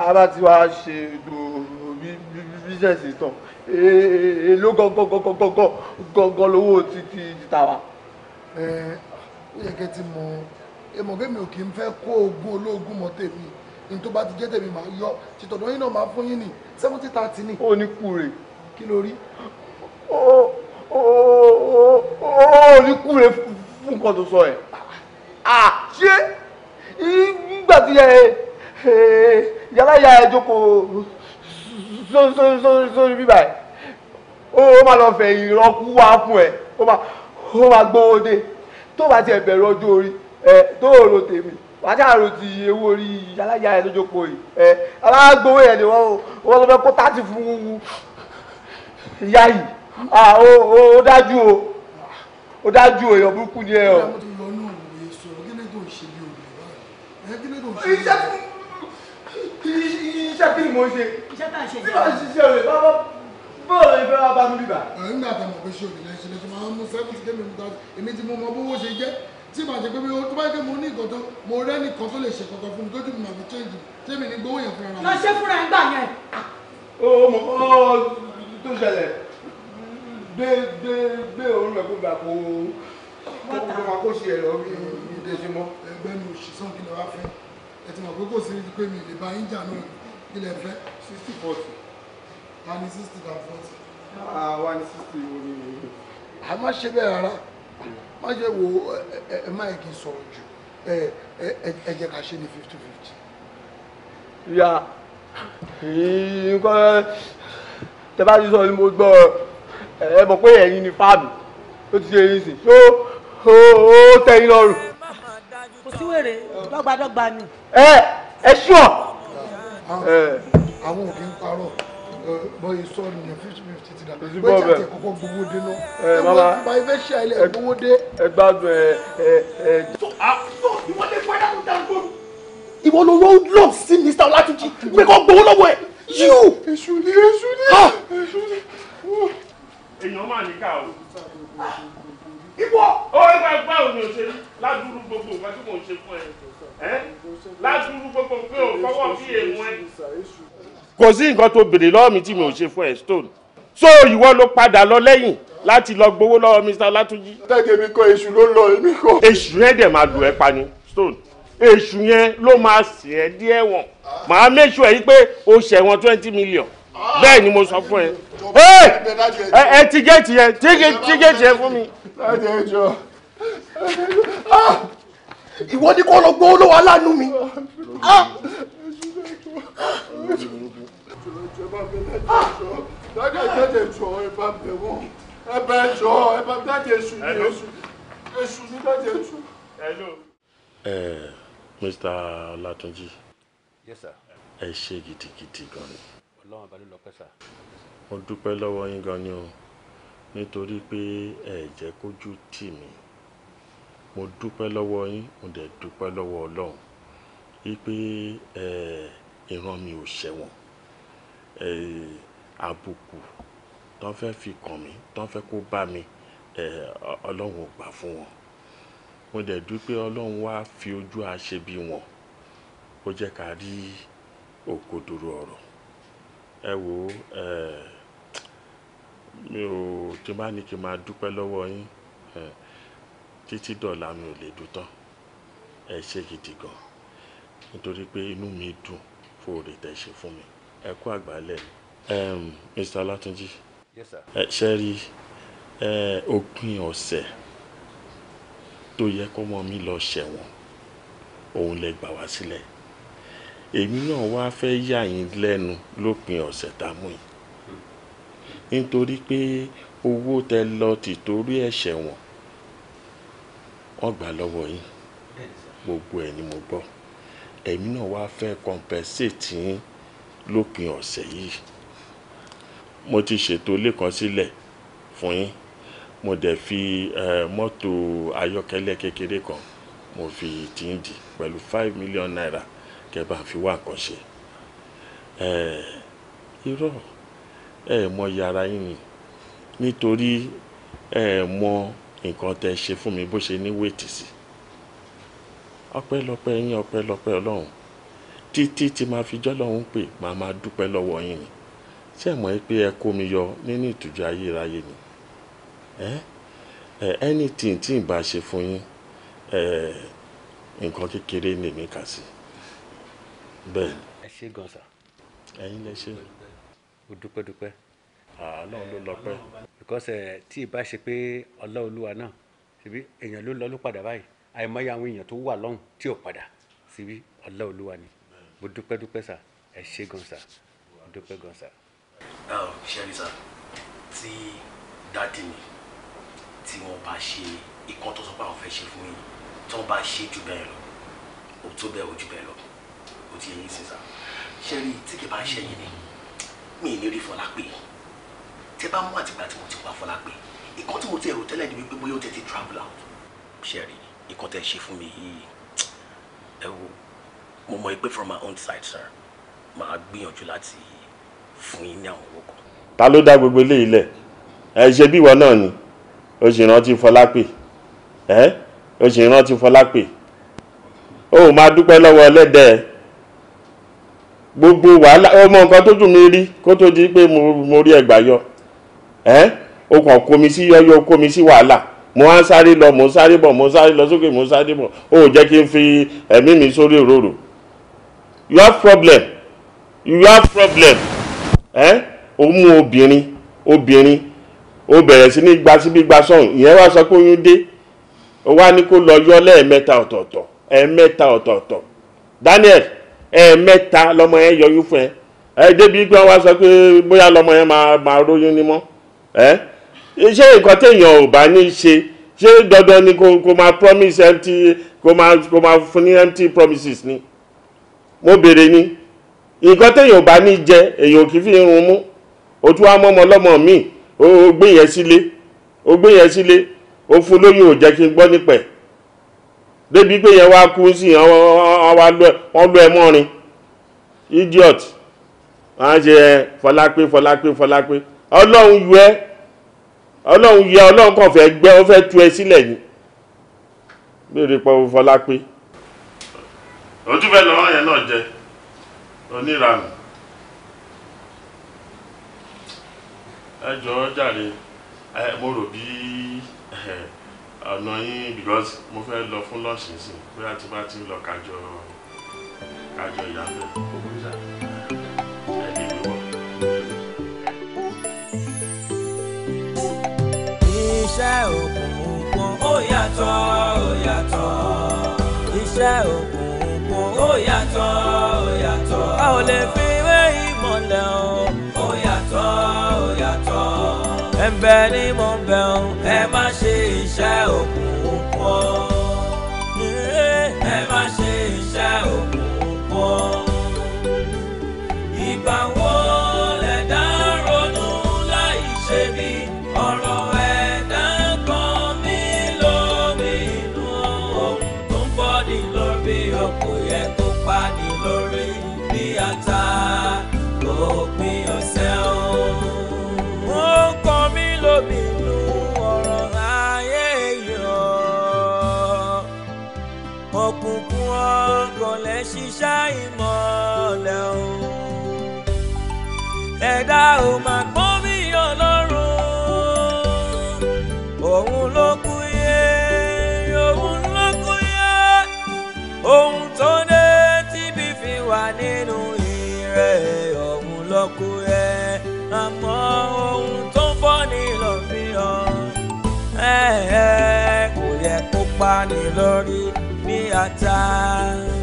a bá ti wá ṣe ètò bísẹ̀sì tán e, e, e, èló gọ́gọ́gọ́gọ́gọ́ gọ́gọ́ lówó títí títà wa. ẹ eh, ó yẹ kẹ́ ti mọ ẹ mọ̀ kí mi ò kì í fẹ́ kó oògùn olóògùn mọ́ tèmi ní tó bá ti jẹ́ tèmi máa yọ títọ̀dọ̀ yín náà máa fún yín ní seventy thirty ní. ó ní kú rè. kí ló rí. ó ó ó ní kú rè fún nǹkan tó sọ ẹ̀. ṣé nígbà tí yàrá ìyá ẹ jókòó sórí bíbá ẹ ó máa lọ fẹ ìrọkú wá fún ẹ ó máa gbówó dé tó bá tiẹ̀ bẹ̀rù ọjọ́ orí ẹ tó rò tèmi wájàrò ti ewó orí aláya ẹ lójókòó yìí ẹ alágbówó yẹn ni wọ́n wọ́n lọ fẹ́ kó táàtì fún wúwú ìyá yìí ó dájú o ó dájú o èèyàn burúkú ni ẹ o. iṣẹ́ iṣẹ́ kí ni mo ṣe iṣẹ́ tá a ṣe jẹ́ bí bọ́ọ̀lù ìfẹ́ wa bá mi bíbà. nígbà tí mo fi ṣe òdìlẹ̀ ṣe lè ṣe máa ń mú sẹ́fún kémi mú ta èmi ti mú ọmọ bówó ṣe jẹ́ tí màá jẹ pé bí tó bá yẹ pé mo ní nǹkan tó mo rẹ́ nìkan tó lè ṣe kankan fún mi tó dùn mí àbí change tèmi ní gbowó yẹn fúnra rẹ. lọ ṣe fúnra ẹ̀ ń gbà yẹn. ó mọ ó tó ṣẹlẹ̀ gbé gbé gbé òórùn ẹ̀kú gbà kó kó máa kó ṣe ẹ̀rọ bí ìdè ṣe mọ́. ẹgbẹ́ mi ò ṣiṣan kí lè wá fẹ́ ẹ ti mọ̀ pé kò sí pé mi lè bá yín jà náà kí lè fẹ́ sixty forty. ta ni sixty and forty. àwa ah, ni sixty wo ni. a má ṣe bẹ́ẹ̀ rárá má jẹ́ wo ẹ má yẹ kí n sọ̀rọ̀ jù ẹ jẹ́ ká ṣe ní fifty fifty. ìyá nǹkan tẹ bá ti sọ ni mo gbọ́ ẹ mọ̀ pé ẹ̀yin ni fáàmì ó ti ṣe ẹ̀yin sí ó ó tẹ́yìn lọ́rùn. kò sí wèrè dọ́gbadọ́gba ni. ẹ ẹ ṣùọ́. àwọn òbí ń parọ́ bọ́yì sọ nìyẹn fifty fifty ti dà bọ́yì tí a ti kọ́kọ́ gbowó dé ìwọ ló road love sí Mr. Olatunji pé kó gbowó lọ́wọ́ ẹ̀ yíu. èṣù ni èṣù ni ah. èṣù ni. èèyàn máa ní o. ìwọ. ó ẹgbẹ́ ẹgbẹ́ òní òṣèlú ládùúrú gbogbo nǹkan tí mò ń ṣe fún ẹ ládùúrú gbogbo pé ò fọwọ́ bí èèwọ̀n ẹ kò sí nǹkan tó béèrè lọ́wọ́ mi tí mi ò ṣe fún ẹ̀ stone so ìwọ ló padà lọ lẹ́yìn láti lọ gbowó lọ́wọ́ Mr. Olatunji. tẹ́gẹ̀ mi kọ́ èṣù ló lọ èmi kọ́. èṣù yẹn dẹ̀ máa lù ẹ́ pa stone èṣù yẹn ló máa sì ẹ́ díẹ̀ wọ̀n màá make sure yìí pé o ṣẹ̀wọ̀n twenty million bẹ́ẹ̀ ni mo sọ fún ẹ. ẹ ti géètì yẹn ti géètì yẹn fún mi. Ah! ìwọ ni kò lọ gbowó lọ́wọ́ aláàánú mi. Ah! jọ̀ọ́ Mr. Olatunji yes sir ẹ ṣe gidigidi gan ni. Ọlọ́run àbálò lọ pẹ́ sà. mo dúpẹ́ lọ́wọ́ yín gan ni o nítorí pé ẹ jẹ́ kójú tì mí mo dúpẹ́ lọ́wọ́ yín mo dẹ̀ dúpẹ́ lọ́wọ́ Ọlọ́run wípé ẹ ìran mi ò ṣẹ̀wọ̀n. Eh, àbùkù tó fẹ́ fi kàn mí tó fẹ́ kó bá mi eh, Ọlọ́run ò gbà fún wọn. Mo dẹ̀ dúpẹ́ Ọlọ́run wá fi ojú aṣebi wọn ó jẹ́ ká rí òkodoro ọ̀rọ̀. Ẹ wò ó, eh, mi ò tí bá ní kí máa dúpẹ́ lọ́wọ́ yín, títí dọ̀la mi ò lè dùn tán. Ẹ ṣé gidi gan, nítorí pé inú mi dùn fún oore ṣe fún mi ẹ kú àgbálẹ̀. Mr. Olatunji yes sir ṣe rí òpin ọ̀sẹ̀ tó yẹ kọ́mọ mi lọ ṣẹ̀wọ̀n òun lẹ gbà wá sílẹ̀ èmi náà wá fẹ́ yà yín lẹ́nu lópin ọ̀sẹ̀ tá a mú yín nítorí pé owó tẹ lọ tìtorí ẹ̀ṣẹ̀ wọn wọ́n gbà lọ́wọ́ yín gbogbo ẹ̀ ni mo gbọ́ èmi náà wá fẹ́ compensate yín lópin ọ̀sẹ̀ yìí. Mo ti ṣètò ilé kan sílẹ̀ fún yín. Mo dẹ̀ fi, eh, mọ́tò ayọ́kẹ́lẹ́ kékeré kan mo fi tì í pẹ̀lú five million naira kí ẹ bá fi wá nǹkan ṣe. Eh, irọ́, ẹ mọ iye ara yín ni. Nítorí ẹ mọ nǹkan tẹ ṣe fún mi bó ṣe ní wéètì sí. Ọpẹ́lọpẹ́ yín, ọpẹ́lọpẹ́ Ọlọ́run títí tí máa fi jọ́lọ́hún pè máa máa dúpẹ́ lọ́wọ́ yín ni ṣé ẹ mọ̀ pé ẹ kó mi yọ nínú ìtújú ayérayé ni ẹ ẹ anything tí n bá ṣe fún yín ẹ nǹkan kékeré ni èmi kà sí bẹ́ẹ̀ ni. ẹ ṣe gan sa. ẹ̀yin lẹ ṣe. o dúpẹ́ dúpẹ́. ọlọ́run ló lọ pẹ́. because tí ì bá ṣe pé ọlọ́ọ̀lúwa náà ṣebí èèyàn ló lọ ló padà báyìí àìmọye àwọn èèyàn tó wà lọ́hùn tí ò padà síbi ọlọ́ọ̀lúwa ni mo dúpẹ́ dúpẹ́ sà ẹ ṣe gan sà mo dúpẹ́ gan sà. Ah, ṣẹ́ni sà tí dáàdì mi tí wọ́n bá ṣe ikán tó sọ pé àwọn fẹ́ ṣe fún yín tí wọ́n bá ṣe jù bẹ́ẹ̀ lọ ò tó bẹ́ẹ̀ ò jù bẹ́ẹ̀ lọ ò ti yẹn sísà ṣẹ́ni tí kì bá ṣẹ́yìn ni mi ì ní rí fọlá pé tẹ bá mú àtìgbà tí mo ti wá fọlá pé ikán tí mo ti ẹ̀rù tẹ́lẹ̀ ni wípé bóyá ó tẹ̀ ti travel out ṣẹ́ni ikán tẹ̀ ṣe fún mi yìí ẹ wo mo mọ̀ pé from my own side sir màá gbìyànjú láti fún yín ní àwọn owó kan. ta ló dá gbogbo eléyìí lẹ̀ ẹ ṣe bí ìwọ náà ni o sì rántí Fọlápè ẹ o sì rántí Fọlápè o ò máa dúpẹ́ lọ́wọ́ ẹlẹ́dẹ̀ẹ́ gbogbo wàhálà ọmọ nǹkan tó dùn mí rí kó tó di pé mo rí ẹgbàá yọ ẹ o kàn kó mi sí yọyọ kó mi sí wàhálà mo á sáré lọ mo sáré bọ̀ mo sáré lọ sókè mo sáré bọ̀ o ò kí n fi ẹ̀mí mi sórí òróró you have problem you have problem ẹ o mú obìnrin obìnrin o bẹ̀rẹ̀ sí ní gba síbí gba sọ̀hún ìyẹn wá sọ pé oyún dé o wá ní kó lọ yọ lẹ́ẹ̀mẹ́ta ọ̀tọ̀ọ̀tọ̀ ẹ̀ẹ̀mẹ́ta ọ̀tọ̀ọ̀tọ̀ Daniel ẹ̀ẹ̀mẹ́ta lọmọ yẹn yọyún fún ẹ ẹ débi pé wọ́n wá sọ pé bóyá lọmọ yẹn máa máa róyún ní mọ́ ẹ ṣé nǹkan téèyàn ò bá ní í ṣe ṣé dandan ni kò máa promise empty kò máa kò máa fún ní empty promises ni mo béèrè ni nǹkan téèyàn ò bá ní jẹ èèyàn ò kì í fi irun mú o tún wá mọ́mọ́ lọ́mọ míì o gbé yẹn sílé o gbé yẹn sílé o fún lóyún ò jẹ́ kí n gbọ́ nípẹ̀ débi pé yẹn wá kú sí wọ́n lọ ẹ mọ́rin idiot wọ́n á ṣe fọlápé fọlápé fọlápé ọlọ́run yọ ẹ́ ọlọ́run yọ ọlọ́run kàn fẹ́ gbẹ́ ó fẹ́ tú ẹ sílẹ̀ ni lórí pọ̀ fọlápé ojú bẹ́ẹ̀ lọ́wọ́ yẹn náà jẹ oníranù ẹ jọ̀ọ́ jàre ẹ mo rò bí ọ̀nà yín because mo fẹ́ lọ fún lọ́ọ̀ṣì nísìn bóyá tí bá ti ń lọ kájọ kájọ ìyá ẹ lè wọ. iṣẹ́ òkùnkùn ó yàtọ̀ ó yàtọ̀ iṣẹ́ òkùnkùn òkùnkùn ó yàtọ̀ ó yàtọ̀. a ò lè fi wé ìmọ̀lẹ̀ o. ó yàtọ̀ ó yàtọ̀. ẹ ń bẹ ní mo bẹ o. ẹ má ṣe iṣẹ́ òkùnkùn o. ẹ má ṣe iṣẹ́ òkùnkùn o. ìbáwọ̀. ṣá ìmọ̀lẹ̀ o ẹ̀dá ò máa gbọ́ bí ọlọ́run òun ló kú yé òun ló kú yé òun tó dé tíbi fi wà nínú ìrẹ̀ òun ló kú yé àmọ́ òun tó fọ́ ni lọ́ọ́ fi hàn kò yẹ kó pa ni lórí bí ata.